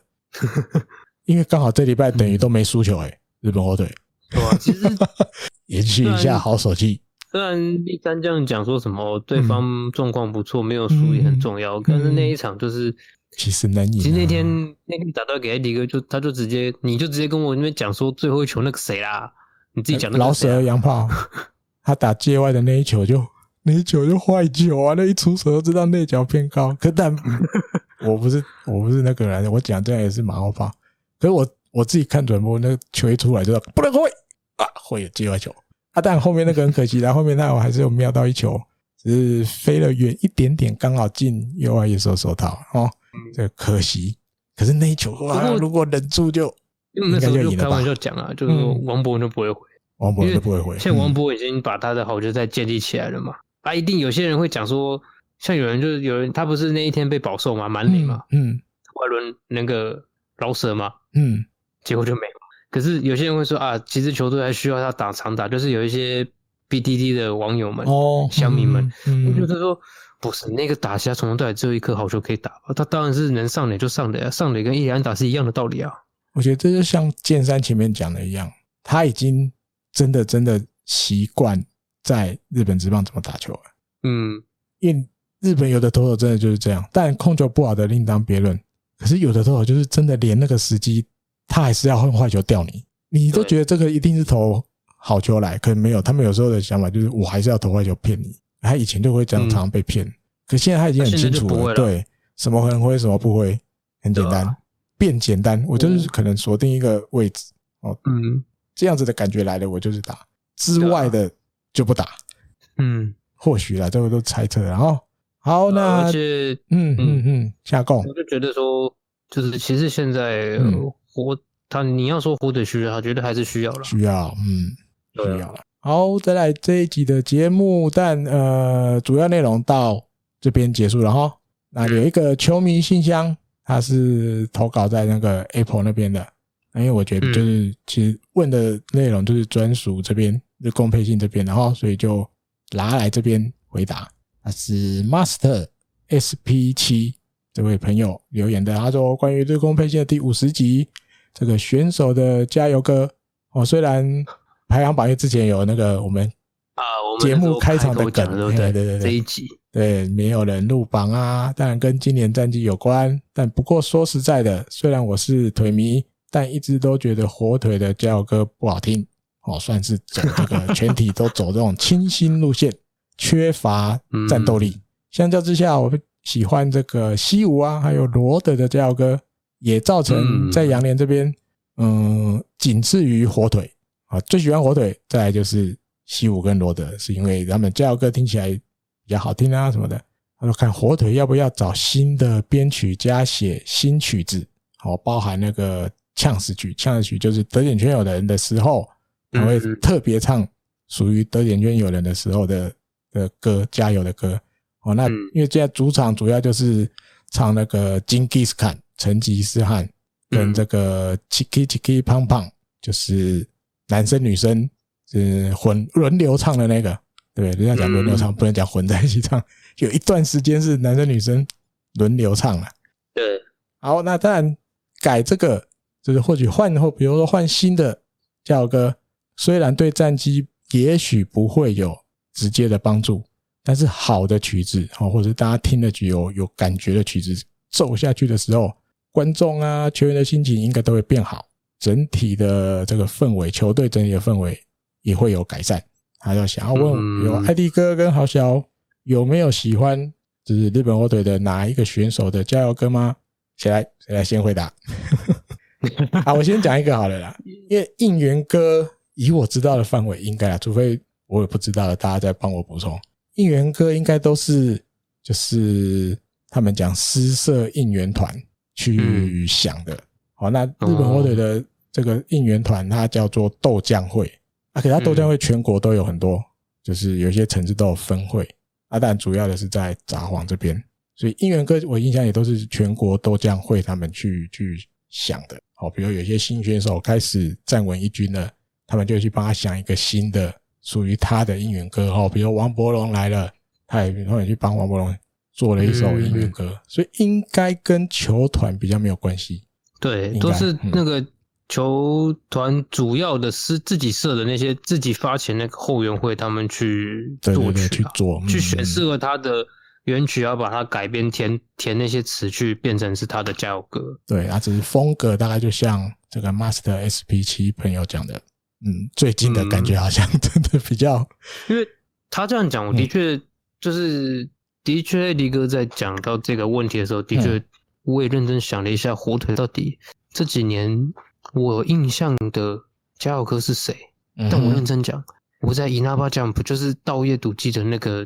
因為剛好這禮拜等於都沒輸球誒，日本火腿。對，其實延續一下好手氣。雖然栗山這樣講，說什麼對方狀況不錯，沒有輸也很重要，但是那一場就是其實能贏。其實那天那天打到給艾迪哥，就他就直接，你就直接跟我那邊講說最後一球那個誰啦，你自己講那個老舍和楊炮，他打界外的那一球就。那一球就壞球啊！那一出手就知道內角偏高，可但，我不是 我不是那個人，我講這樣也是馬後炮。可是我我自己看轉播，那個球一出來就知道不能回啊，會有接外球。啊，但後面那個很可惜，然後後面那，我還是有瞄到一球，只是飛了遠一點點，剛好進右外野手手套哦，這、嗯嗯、可惜。可是那一球，哇是如果如果忍住就，就應該就贏了。他們就講了、啊，就是王柏融就不會回，王柏融就不會回。嗯、現在王柏融已經把他的好球賽建立起來了嘛。他、啊、一定有些人會講說，像有人就是有人，他不是那一天被保送嘛，滿壘嘛，嗯，外輪那個老舍嘛，嗯，結果就沒了。可是有些人會說啊，其實球隊還需要他打長打，就是有一些 BDD 的網友們、鄉、哦、民們，嗯，嗯就是說不是那個打下從頭到尾只有一顆好球可以打，他當然是能上壘就上壘，啊，上壘跟一壘打是一樣的道理啊。我覺得這就像建山前面講的一樣，他已經真的真的習慣。在日本職棒怎麼打球，啊？嗯，因為日本有的投手真的就是這樣，但控球不好的另當別論。可是有的投手就是真的連那個時機，他還是要用壞球吊你，你都覺得這個一定是投好球來，對可沒有。他們有時候的想法就是，我還是要投壞球騙你。他以前就會這樣，常常被騙。嗯、可現在他已經很清楚了，了對，什麼可能會，什麼不會，很簡單，啊、變簡單。我就是可能鎖定一個位置、嗯、哦，嗯，這樣子的感覺來了，我就是打之外的。就不打，嗯，或許啦，這個都猜測，然後好，那且嗯嗯嗯下供攻，我就覺得說，就是其實現在我、嗯，他，你要說火腿需要，他覺得還是需要了，需要，嗯，啊、需要。好，再來這一集的節目，但呃，主要內容到這邊結束了哈。那有一個球迷信箱，他是投稿在那個 Apple 那邊的，因為我覺得就是、嗯、其實問的內容就是專屬這邊。日工配信這邊，然後所以就拿來這邊回答。他是 Master SP 七這位朋友留言的，他說，關於日工配信的第五十集，這個選手的加油歌哦，雖然排行榜也之前有那個我們啊，我們節目開場的梗，啊、對對對對，這一集對沒有人入榜啊，當然跟今年戰績有關，但不過說實在的，雖然我是腿迷，但一直都覺得火腿的加油歌不好聽。我、哦、算是，走這個全體都走這種清新路線， 缺乏戰鬥力。相較之下，我喜歡這個西武啊，還有羅德的教歌，也造成在洋聯這邊，嗯，僅次於火腿啊。最喜歡火腿，再來就是西武跟羅德，是因為他們教歌聽起來比較好聽啊什麼的。他說看火腿要不要找新的編曲家寫新曲子，好，包含那個嗆死曲，嗆死曲就是得點圈有的人的時候。還會特別唱屬於得點圈有人的時候的的歌，加油的歌。哦，那因為現在主場主要就是唱那個金吉斯坎，成吉思汗，跟這個 Chiki Chiki 胖胖，就是男生女生是混輪流唱的那個。對，人家講輪流唱，不能講混在一起唱。 有一段時間是男生女生輪流唱了。對。好，那當然改這個，就是或許換或比如說換新的叫歌。雖然對戰績也許不會有直接的幫助，但是好的曲子、哦、或者是大家聽了得有有感覺的曲子奏下去的時候，觀眾啊、球員的心情應該都會變好，整體的這個氛圍、球隊整體的氛圍也會有改善。還就想要問我，有、嗯、艾迪哥跟豪小有沒有喜歡就是日本火腿的哪一個選手的加油歌嗎？誰來誰來先回答？啊， 我先講一個好了啦，因為應援歌。以我知道的範圍，應該啊，除非我也不知道的，大家再幫我補充。應援歌應該都是就是他們講私設應援團去想的。嗯、好，那日本火腿的這個應援團，它叫做鬥將會、哦、啊，可是它鬥將會全國都有很多，嗯、就是有一些城市都有分會啊，但主要的是在札幌這邊，所以應援歌我印象也都是全國鬥將會他們去去想的。好，比如有些新選手開始站穩一軍了。他們就去幫他想一個新的屬於他的應援歌哦，比如說王柏融來了，他也後面去幫王柏融做了一首應援歌，對對對對，所以應該跟球團比較沒有關係。對，該都是那個球團，主要的是自己設的那些自己發錢那個後援會，他們去做、啊、對對對去做去選適合他的原曲，啊，要把它改編填填那些詞去變成是他的加油歌。對，啊，只是風格大概就像這個 Master SP 七朋友講的。嗯，最近的感覺好像真的，嗯、 比較，因為他這樣講，我的確就是，嗯、的確，力哥在講到這個問題的時候，的確我也認真想了一下，火腿到底這幾年我印象的佳耀哥是誰？嗯、哼但我認真講，我在伊 n 巴 b a 就是道業賭記的那個，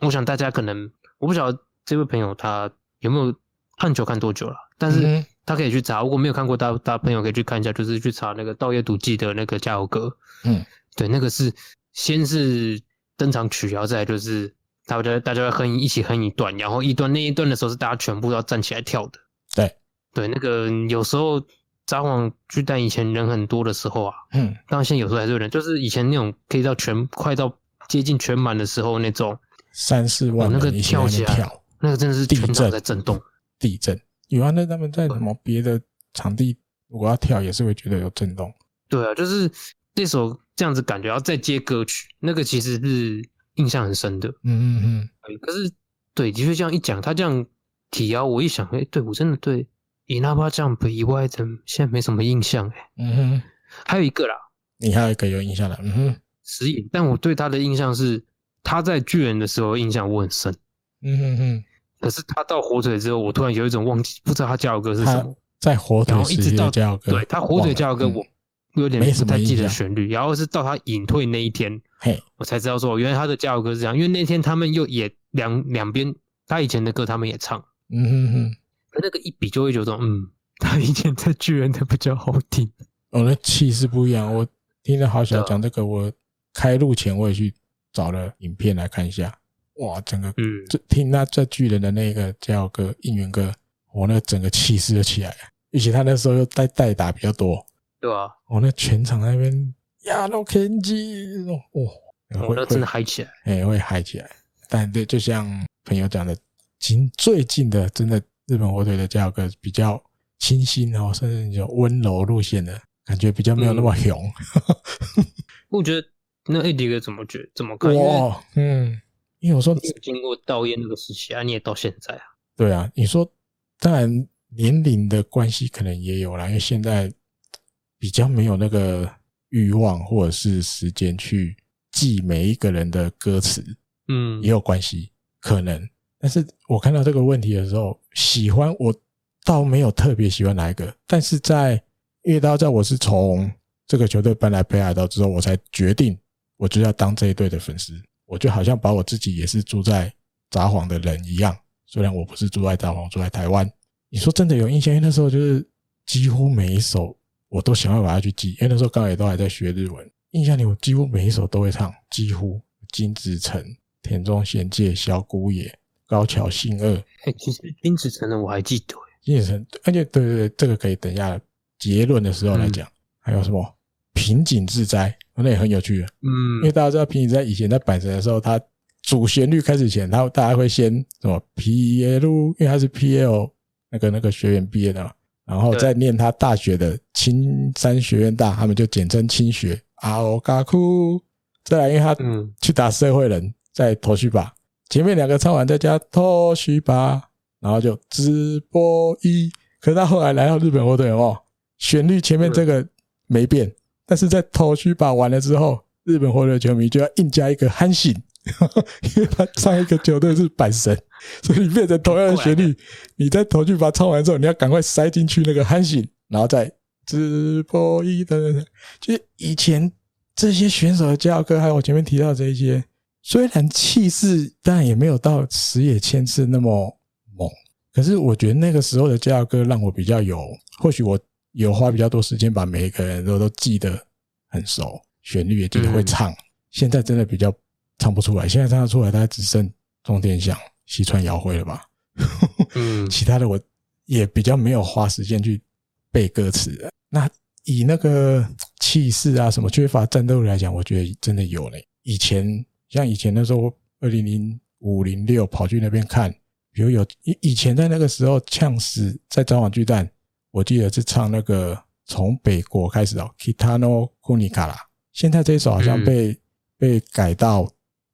我想大家可能我不曉得這位朋友他有沒有看球看多久了，但是。嗯他可以去查，如果沒有看過，大家大家朋友可以去看一下，就是去查那個稻葉篤紀的那個加油歌。嗯，對，那個是先是登場曲，然後再就是大家大家哼一起哼一段，然後一段那一段的時候是大家全部都要站起來跳的。對對，那個有時候札幌巨蛋以前人很多的時候啊，嗯，但現在有時候還是有人，就是以前那種可以到全快到接近全滿的時候那種三四萬那、哦，那個跳起來跳，那個真的是全場在震動，地震。地震有啊，那他們在什麼別的場地，我要跳也是會覺得有震動。對啊，就是那首這樣子感覺，要再接歌曲，那個其實是印象很深的。嗯嗯嗯。可是，對，的確這樣一講，他這樣提搖，我一想，哎、欸，對我真的對《你哪怕這樣 j 以外的，現在沒什麼印象、欸，哎。嗯哼。還有一個啦。你還有一個有印象的。嗯哼。石井，但我對他的印象是他在巨人的時候的印象我很深。嗯哼哼。可是他到火腿之後，我突然有一種忘記，不知道他加油歌是什麼，他在火腿時間，對他火腿加油歌，我有點沒太記得旋律。嗯、然後是到他隱退那一天，嘿，我才知道說原來他的加油歌是這樣。因為那天他們又也兩兩邊，他以前的歌他們也唱，嗯哼哼，那個一比就會覺得，嗯，他以前在巨人的比較好聽，哦，那氣勢不一樣。我聽着好想講這個，對我開錄前我也去找了影片來看一下。哇！整個嗯，聽他這巨人的那個叫歌應援歌，我那整個氣勢就起來了，而且他那時候又帶帶打比較多，對啊，我那全場那邊亞羅肯吉哦，我那真的嗨起來，哎，會嗨起來。但對，就像朋友講的，近最近的真的日本火腿的叫歌比較清新哦，甚至有溫柔路線的感覺，比較沒有那麼雄。我、嗯、 覺得那 AD 哥怎麼覺得怎麼可以哇，為嗯。因為我說你經過倒音那個時期啊，你也到現在啊？對啊，你說當然年齡的關係可能也有啦，因為現在比較沒有那個欲望或者是時間去記每一個人的歌詞，嗯，也有關係可能。但是我看到這個問題的時候，喜歡我倒沒有特別喜歡哪一個，但是在越到在我是從這個球隊搬來北海道之後，我才決定我就要當這一隊的粉絲。我就好像把我自己也是住在札幌的人一樣，雖然我不是住在札幌，住在台灣。你說真的有印象，因為那時候就是幾乎每一首我都想要把它去記，因為那時候剛好也都還在學日文。印象裡我幾乎每一首都會唱，幾乎金子誠、田中賢介、小谷野、高橋信二。哎，其實金子誠的我還記得。金子誠，而且對對對，這個可以等一下結論的時候來講。嗯、還有什麼？平井自哉，那也很有趣。嗯，因為大家知道平井自以前在阪神的時候，他主旋律開始前，他大家會先什麼？P L，因為他是 P L 那個那個學院畢業的嘛，然後再念他大學的青山學院大，他們就簡稱青學。阿歐嘎庫，再來，因為他去打社會人，嗯、在東芝，前面兩個唱完再加東芝，然後就直播一。可是他後來來到日本火腿，哦，旋律前面這個沒變。嗯沒變但是在頭曲把完了之後，日本火腿球迷就要硬加一個喊醒呵呵，因為他上一個球隊是阪神， 所以變成同樣的旋律。你在頭去把唱完之後，你要趕快塞進去那個喊醒，然後再直播。等等等，就是以前這些選手的加油歌，還有我前面提到的這一些，雖然氣勢，但也沒有到石野千次那麼猛。可是我覺得那個時候的加油歌讓我比較有，或許我。有花比較多時間把每一個人都都記得很熟，旋律也記得會唱。嗯、現在真的比較唱不出來，現在唱得出來，大概只剩中田翔、西川遙輝了吧？嗯， 其他的我也比較沒有花時間去背歌詞。那以那個氣勢啊，什麼缺乏戰鬥力來講，我覺得真的有嘞、欸。以前像以前那時候，二零零五、零六跑去那邊看，比如有以以前在那個時候嗆死在札幌巨蛋。我記得是唱那個從北國開始哦，Kitano Kunikara。現在這一首好像被被改到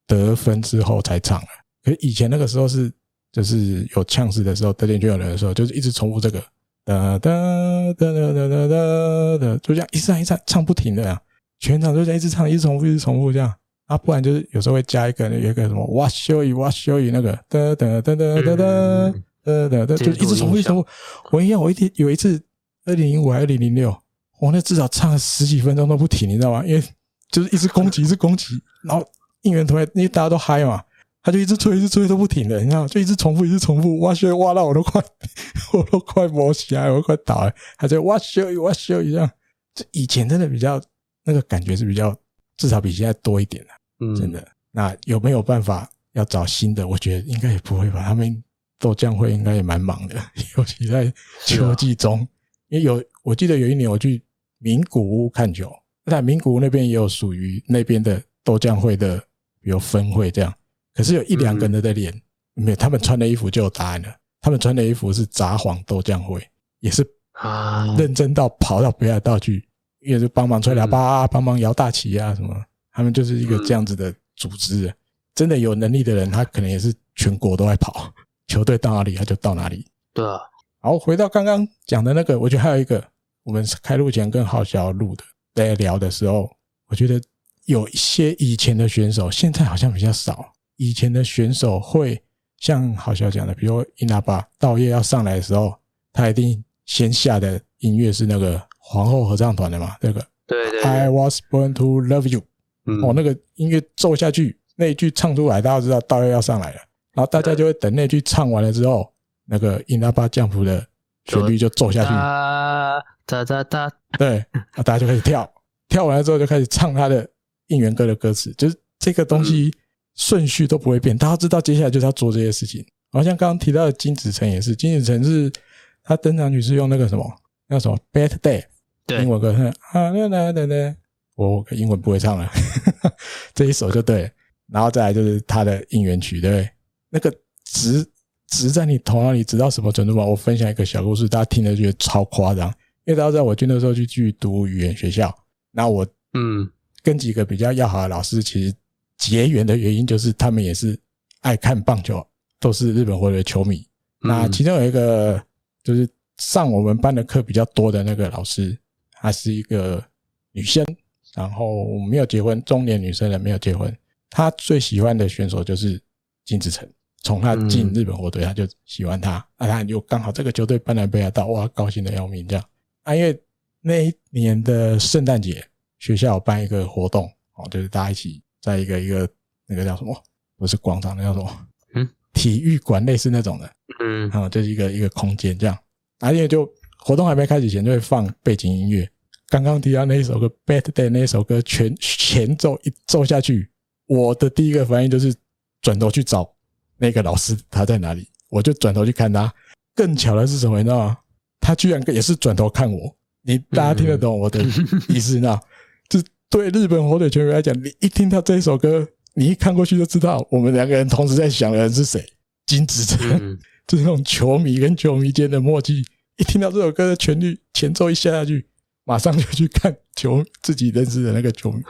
得分之後才唱了。可是以前那個時候是就是有 chance 的時候，得點圈有人的時候，就是一直重複這個噠噠噠噠噠噠的，就這樣一唱一唱唱不停的呀。全場就這樣一直唱，一直重複一直重複這樣。啊，不然就是有時候會加一個有一個什麼 Wasshoi Wasshoi 那個噠噠噠噠噠噠。呃，對，對，對，他就一直重複一直重複。我一樣，我一天有一次，二零零五還是二零零六，我那至少唱了十幾分鐘都不停，你知道嗎？因為就是一直攻擊，一直攻擊，然後應援團因為大家都嗨嘛，他就一直吹，一直吹，一直吹都不停的，你知道嗎？就一直重複，一直重複。哇塞，哇到我都快，我都快摸起來，我都快倒了。他就哇塞，哇塞一樣。這以前真的比較那個感覺是比較，至少比現在多一點了。嗯，真的。那有沒有辦法要找新的？我覺得應該也不會吧。他們。豆漿會應該也蠻忙的，尤其在秋季中。啊、因為有我記得有一年我去名古屋看球，在名古屋那邊也有屬於那邊的豆漿會的，有分會這樣。可是有一兩個人的臉，嗯、沒有他們穿的衣服就有答案了。他們穿的衣服是札幌豆漿會，也是認真到跑到北海道去，也是幫忙吹喇叭，嗯、幫忙搖大旗啊什麼。他們就是一個這樣子的組織，嗯、真的有能力的人，他可能也是全國都在跑。球隊到哪裡，啊，他就到哪裡。對啊，好，回到剛剛講的那個，我覺得還有一個，我們開錄前跟浩瀟錄的在聊的時候，我覺得有一些以前的選手，現在好像比較少。以前的選手會像浩瀟講的，比如伊納巴，稻葉要上來的時候，他一定先下的音樂是那個皇後合唱團的嘛，那、這個。對，對對。I was born to love you。嗯。哦，那個音樂奏下去，那一句唱出來，大家知道稻葉要上來了。然後大家就會等那句唱完了之後，那個印拉巴降譜的旋律就奏下去，噠噠噠，對。對，那大家就開始跳， 跳完了之後就開始唱他的應援歌的歌詞，就是這個東西順序都不會變，大家知道接下來就是要做這些事情。好像剛剛提到的金子成也是，金子成是他登場曲是用那個什麼，那個、什麼《Better Day 對》英文歌，是啊那那那那，我、哦、英文不會唱了， 這一首就對了，然後再來就是他的應援曲，對不對？那個直直在你頭腦裡直到什麼程度吧？我分享一個小故事，大家聽了覺得超誇張。因為大家知道我軍的時候去去讀語言學校，那我嗯跟幾個比較要好的老師其實結緣的原因就是他們也是愛看棒球，都是日本火腿的球迷。嗯、那其中有一個就是上我們班的課比較多的那個老師，她是一個女生，然後沒有結婚，中年女生了沒有結婚。她最喜歡的選手就是金子誠。從他進日本火腿，他就喜歡他、嗯、啊，他就剛好這個球隊搬來北海道，哇，高興的要命這樣啊。因為那一年的聖誕節，學校有辦一個活動哦，就是大家一起在一個一個那個叫什麼，不是廣場的，那叫什麼？嗯，體育館類似那種的，嗯，啊，就是一個一個空間這樣。而、啊、且就活動還沒開始前，就會放背景音樂，剛剛提到那一首歌《Bad Day》那首歌，全前奏一奏下去，我的第一個反應就是轉頭去找。那個老師他在哪裡，我就轉頭去看他。更巧的是什麼呢？他居然也是轉頭看我。你大家聽得懂我的意思？那 就是對日本火腿球迷來講，你一聽到這首歌，你一看過去就知道我們兩個人同時在想的人是誰——金子誠。 就是那種球迷跟球迷間的默契。一聽到這首歌的旋律前奏一下下去，馬上就去看球自己認識的那個球迷，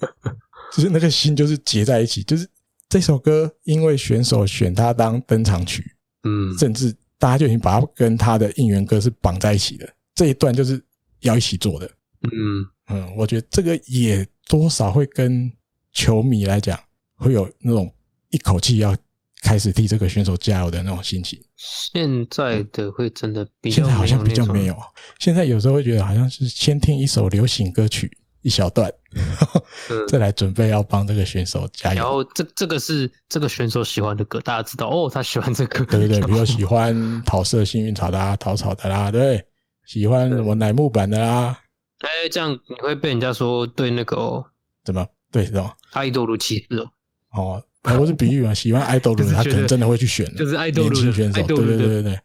就是那個心就是結在一起，就是。這首歌因為選手選他當登場曲，嗯，甚至大家就已經把他跟他的應援歌是綁在一起的。這一段就是要一起做的，嗯嗯，我覺得這個也多少會跟球迷來講會有那種一口氣要開始替這個選手加油的那種心情。現在的會真的比較，現在好像比較沒有。現在有時候會覺得好像是先聽一首流行歌曲。一小段，再來準備要幫這個選手加油。然後這這個是這個選手喜歡的歌，大家知道哦，他喜歡這個，歌。對對，比如喜歡桃色幸運草的啊桃草的啦，對喜歡什麼乃木坂的啦。哎，這樣你會被人家說對那個哦？怎麼？對，什麼？愛豆路歧視哦？哦，還不是比喻嘛？喜歡愛豆路的人，他可能真的會去選，就是愛豆路的選手。對對對對對，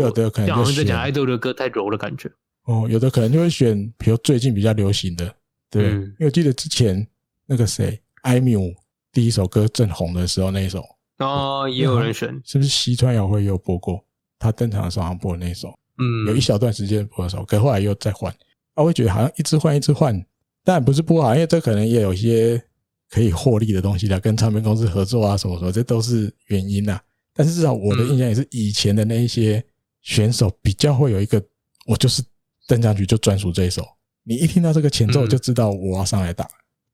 有的可能。我正在講愛豆路的歌太柔的感覺。哦，有的可能就會選，比如最近比較流行的。對，因為我記得之前那個誰，艾米五第一首歌正紅的時候那一首哦，也有人選，是不是西川遙輝有播過他登場的時候好像播的那一首？嗯，有一小段時間播了首，可後來又再換，啊，我會覺得好像一直換，一直換，但不是不好，因為這可能也有一些可以獲利的東西啦，來跟唱片公司合作啊什麼什麼，這都是原因吶、啊。但是至少我的印象也是以前的那一些選手比較會有一個，嗯、我就是登場曲就專屬這一首。你一聽到這個前奏，就知道我要上來打、嗯。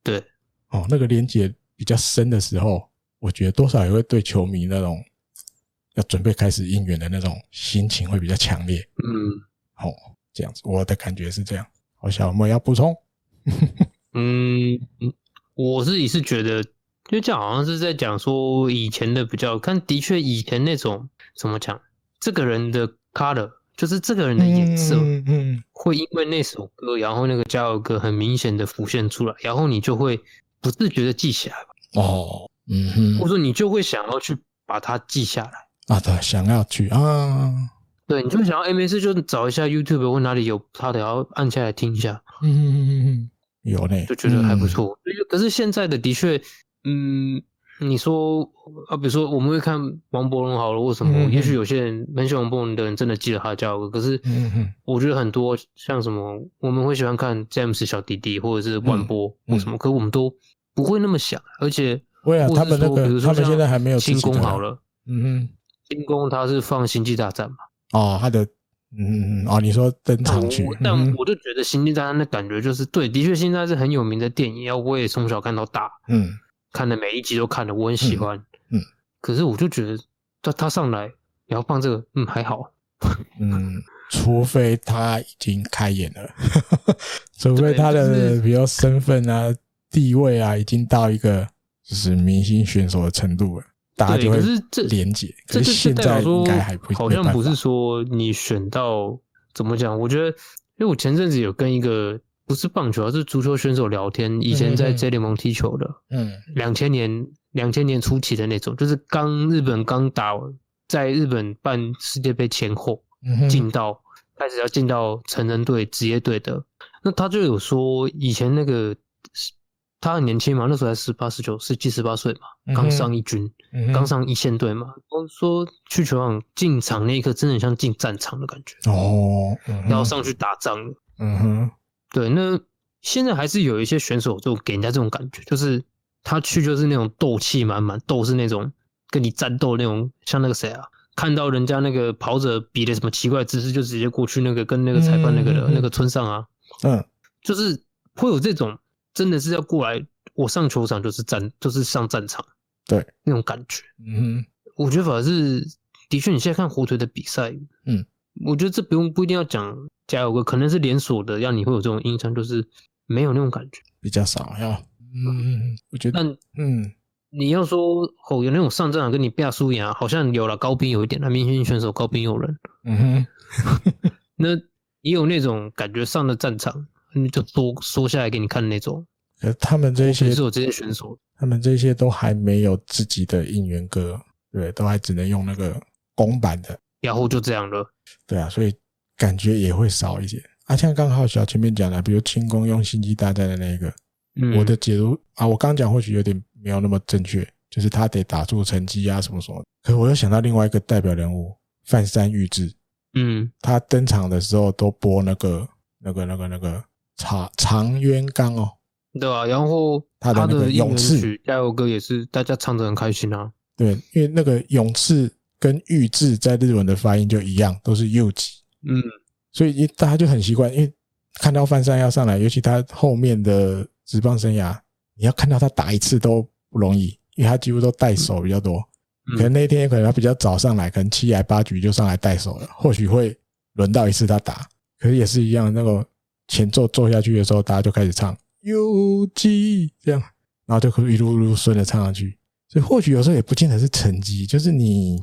對，哦，那個連結比較深的時候，我覺得多少也會對球迷那種要準備開始應援的那種心情會比較強烈。嗯，好、哦，這樣子，我的感覺是這樣。我想我們要補充， 嗯，我自己是覺得，就這樣好像是在講說以前的比較，看的確以前那種怎麼講，這個人的 color。就是這個人的眼色，嗯，會因為那首歌，嗯嗯、然後那個加油歌很明顯的浮現出來，然後你就會不自覺的記起來哦，嗯哼，或者你就會想要去把它記下來啊？對，想要去啊？對，你就會想要 M S、欸、就找一下 YouTube，問哪裡有它的，然後按下來聽一下，嗯嗯嗯嗯，有嘞，就覺得還不錯、嗯。可是現在的的確，嗯。你說啊，比如說我們會看王柏融好了，或什麼？也許有些人很喜歡王柏融的人，真的記得他的價格。可是，嗯我覺得很多像什麼，我們會喜歡看詹姆斯小弟弟，或者是萬波或什麼。可我們都不會那麼想，而且，對啊，他們那個，他現在還沒有清宮好了，嗯嗯，清宮他是放《星際大戰》嘛？哦，他的，嗯嗯哦，你說登場曲，但我就覺得《星際大戰》的感覺就是對，的確，現在是很有名的電影，要我也從小看到大，嗯。看的每一集都看的，我很喜歡。嗯，嗯可是我就覺得他他上來，然後放這個，嗯，還好。 嗯，除非他已經開眼了， 除非他的、就是、比如說身份啊、地位啊，已經到一個就是明星選手的程度了。大家就會連結，對，可是這連姐，應該還不表說，好像不是說你選到怎麼講？我覺得，因為我前陣子有跟一個。不是棒球，而是足球選手聊天。以前在 J 聯盟踢球的，嗯，兩千年兩千年初期的那種，就是剛日本剛打在日本辦世界杯前後，進、嗯、哼到開始要進到成人隊、職業隊的。那他就有說，以前那個他很年輕嘛，那時候才十八十九，十七、十八歲嘛，剛上一軍，剛、嗯、哼上一線隊嘛。他說去球場進場那一刻，真的像進戰場的感覺哦，嗯、然後上去打仗。嗯哼。對，那現在還是有一些選手，就給人家這種感覺，就是他去就是那種鬥氣滿滿，鬥是那種跟你戰鬥那種，像那個誰啊，看到人家那個跑者比的什麼奇怪的姿勢，就直接過去那個跟那個裁判那個的、嗯、那個村上啊，嗯，就是會有這種真的是要過來，我上球場就是戰，就是上戰場，對，那種感覺，嗯哼，我覺得反而是的確，你現在看火腿的比賽，嗯。我覺得這不用，不一定要講加油歌，可能是連鎖的，讓你會有這種印象，就是沒有那種感覺，比較少要，要嗯，我覺得，但嗯，你要說、嗯、哦，有那種上戰場、啊、跟你背書演、啊，好像有了高濱有一點那明星選手高濱祐仁，嗯哼， 那也有那種感覺，上了戰場你就多縮下來給你看那種，他們這些是我這些選手，他們這些都還沒有自己的應援歌，對，都還只能用那個公版的，然後就這樣了。對啊，所以感覺也會少一些。啊，像剛好小前面講的，比如清宮用心機大戰的那一個，嗯、我的解讀啊，我剛講或許有點沒有那麼正確，就是他得打出成績啊，什麼什麼。可是我又想到另外一個代表人物飯山裕志，嗯，他登場的時候都播那個、那個、那個、那個長長渕剛哦，對啊，然後他的那個《勇次加油歌》也是大家唱得很開心啊。對，因為那個勇次。跟“玉治”在日文的發音就一樣，都是“右吉”。嗯，所以大家就很習慣，因為看到范山要上來，尤其他後面的職棒生涯，你要看到他打一次都不容易，因為他幾乎都帶手比較多。嗯嗯、可能那一天可能他比較早上來，可能七來八局就上來帶手了，或許會輪到一次他打，可是也是一樣，那個前奏奏下去的時候，大家就開始唱“右吉級”這樣，然後就一路一路順着唱上去。所以或許有時候也不見得是成績，就是你。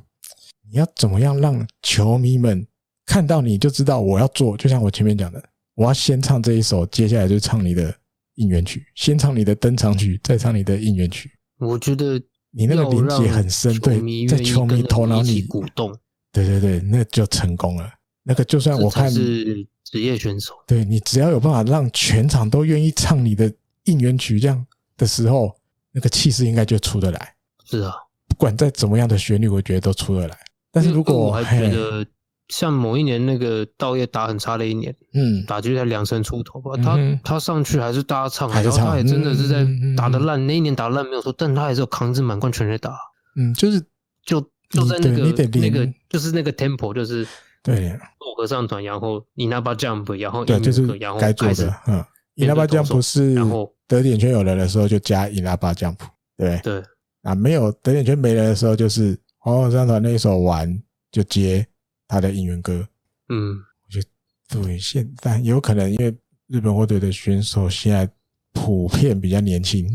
你要怎麼樣讓球迷們看到你就知道我要做？就像我前面講的，我要先唱這一首，接下來就唱你的應援曲，先唱你的登場曲，再唱你的應援曲。我覺得你那個理解很深，球迷，對，在球迷頭腦裡鼓動，對對對，那就成功了。那個就算我看是職業選手，對你只要有辦法讓全場都願意唱你的應援曲，這樣的時候，那個氣勢應該就出得來。是啊，不管再怎麼樣的旋律，我覺得都出得來。但是，如果我還覺得像某一年那個稻葉打很差的一年，嗯，打擊在兩成出頭吧？他他上去還是大家唱，然後他也真的是在打得爛。那一年打爛沒有說，但他還是有扛着滿貫全壘打，嗯，就是就就在那個那個就是那個 tempo，就是對，做合唱團，然後稻葉 Jump，然後就是然後開始，嗯，稻葉 Jump 是，然後得點圈有人的時候就加稻葉 Jump，對不對？對，啊，沒有得點圈沒人的時候就是。哦，山團那一首完就接他的應援歌，嗯，我覺得對。現在有可能因為日本火腿的選手現在普遍比較年輕，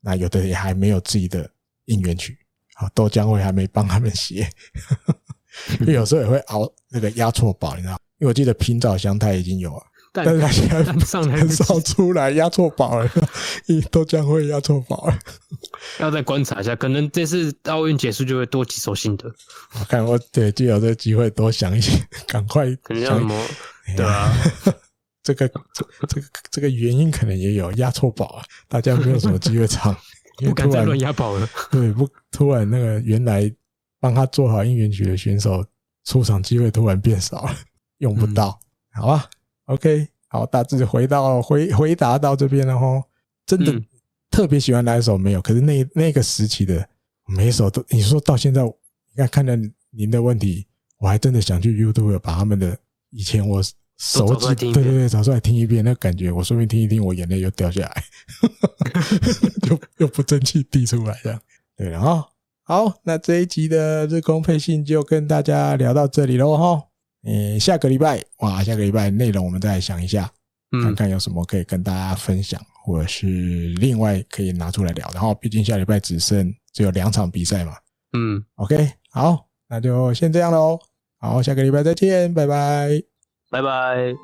那有的也還沒有自己的應援曲，啊，都將會還沒幫他們寫。嗯、 因為有時候也會熬那個壓錯寶，你知道？因為我記得平沼翔太已經有了、啊。但上很少出來押錯寶了， 都將會押錯寶了。要再觀察一下，可能這次奧運結束就會多幾首新的。我看我，我得就有這機會多想一些，趕快。可能要什麼？一對啊， 這個這個、這個原因可能也有押錯寶啊。大家沒有什麼機會唱 不敢再亂押寶了。對，不突然那個原來幫他做好應援曲的選手出場機會突然變少了，用不到，嗯、好吧。OK，好，大致回到回回答到這邊了齁，真的特別喜歡哪一首沒有？嗯、可是那那個時期的每一首都，你說到現在，你看看了您的問題，我還真的想去 YouTube 把他們的以前我手機對對對找出來聽一遍，那感覺我順便聽一聽，我眼淚又掉下來，又 又不爭氣滴出來，這樣對了齁。好，那這一集的日空配信就跟大家聊到這裡嘍哈。呃，下個禮拜，哇，下個禮拜內容我們再來想一下，嗯，看看有什麼可以跟大家分享，或者是另外可以拿出來聊，然後畢竟下禮拜只剩只有兩場比賽嘛。嗯，OK，好，那就先這樣咯，好，下個禮拜再見，拜拜，拜拜。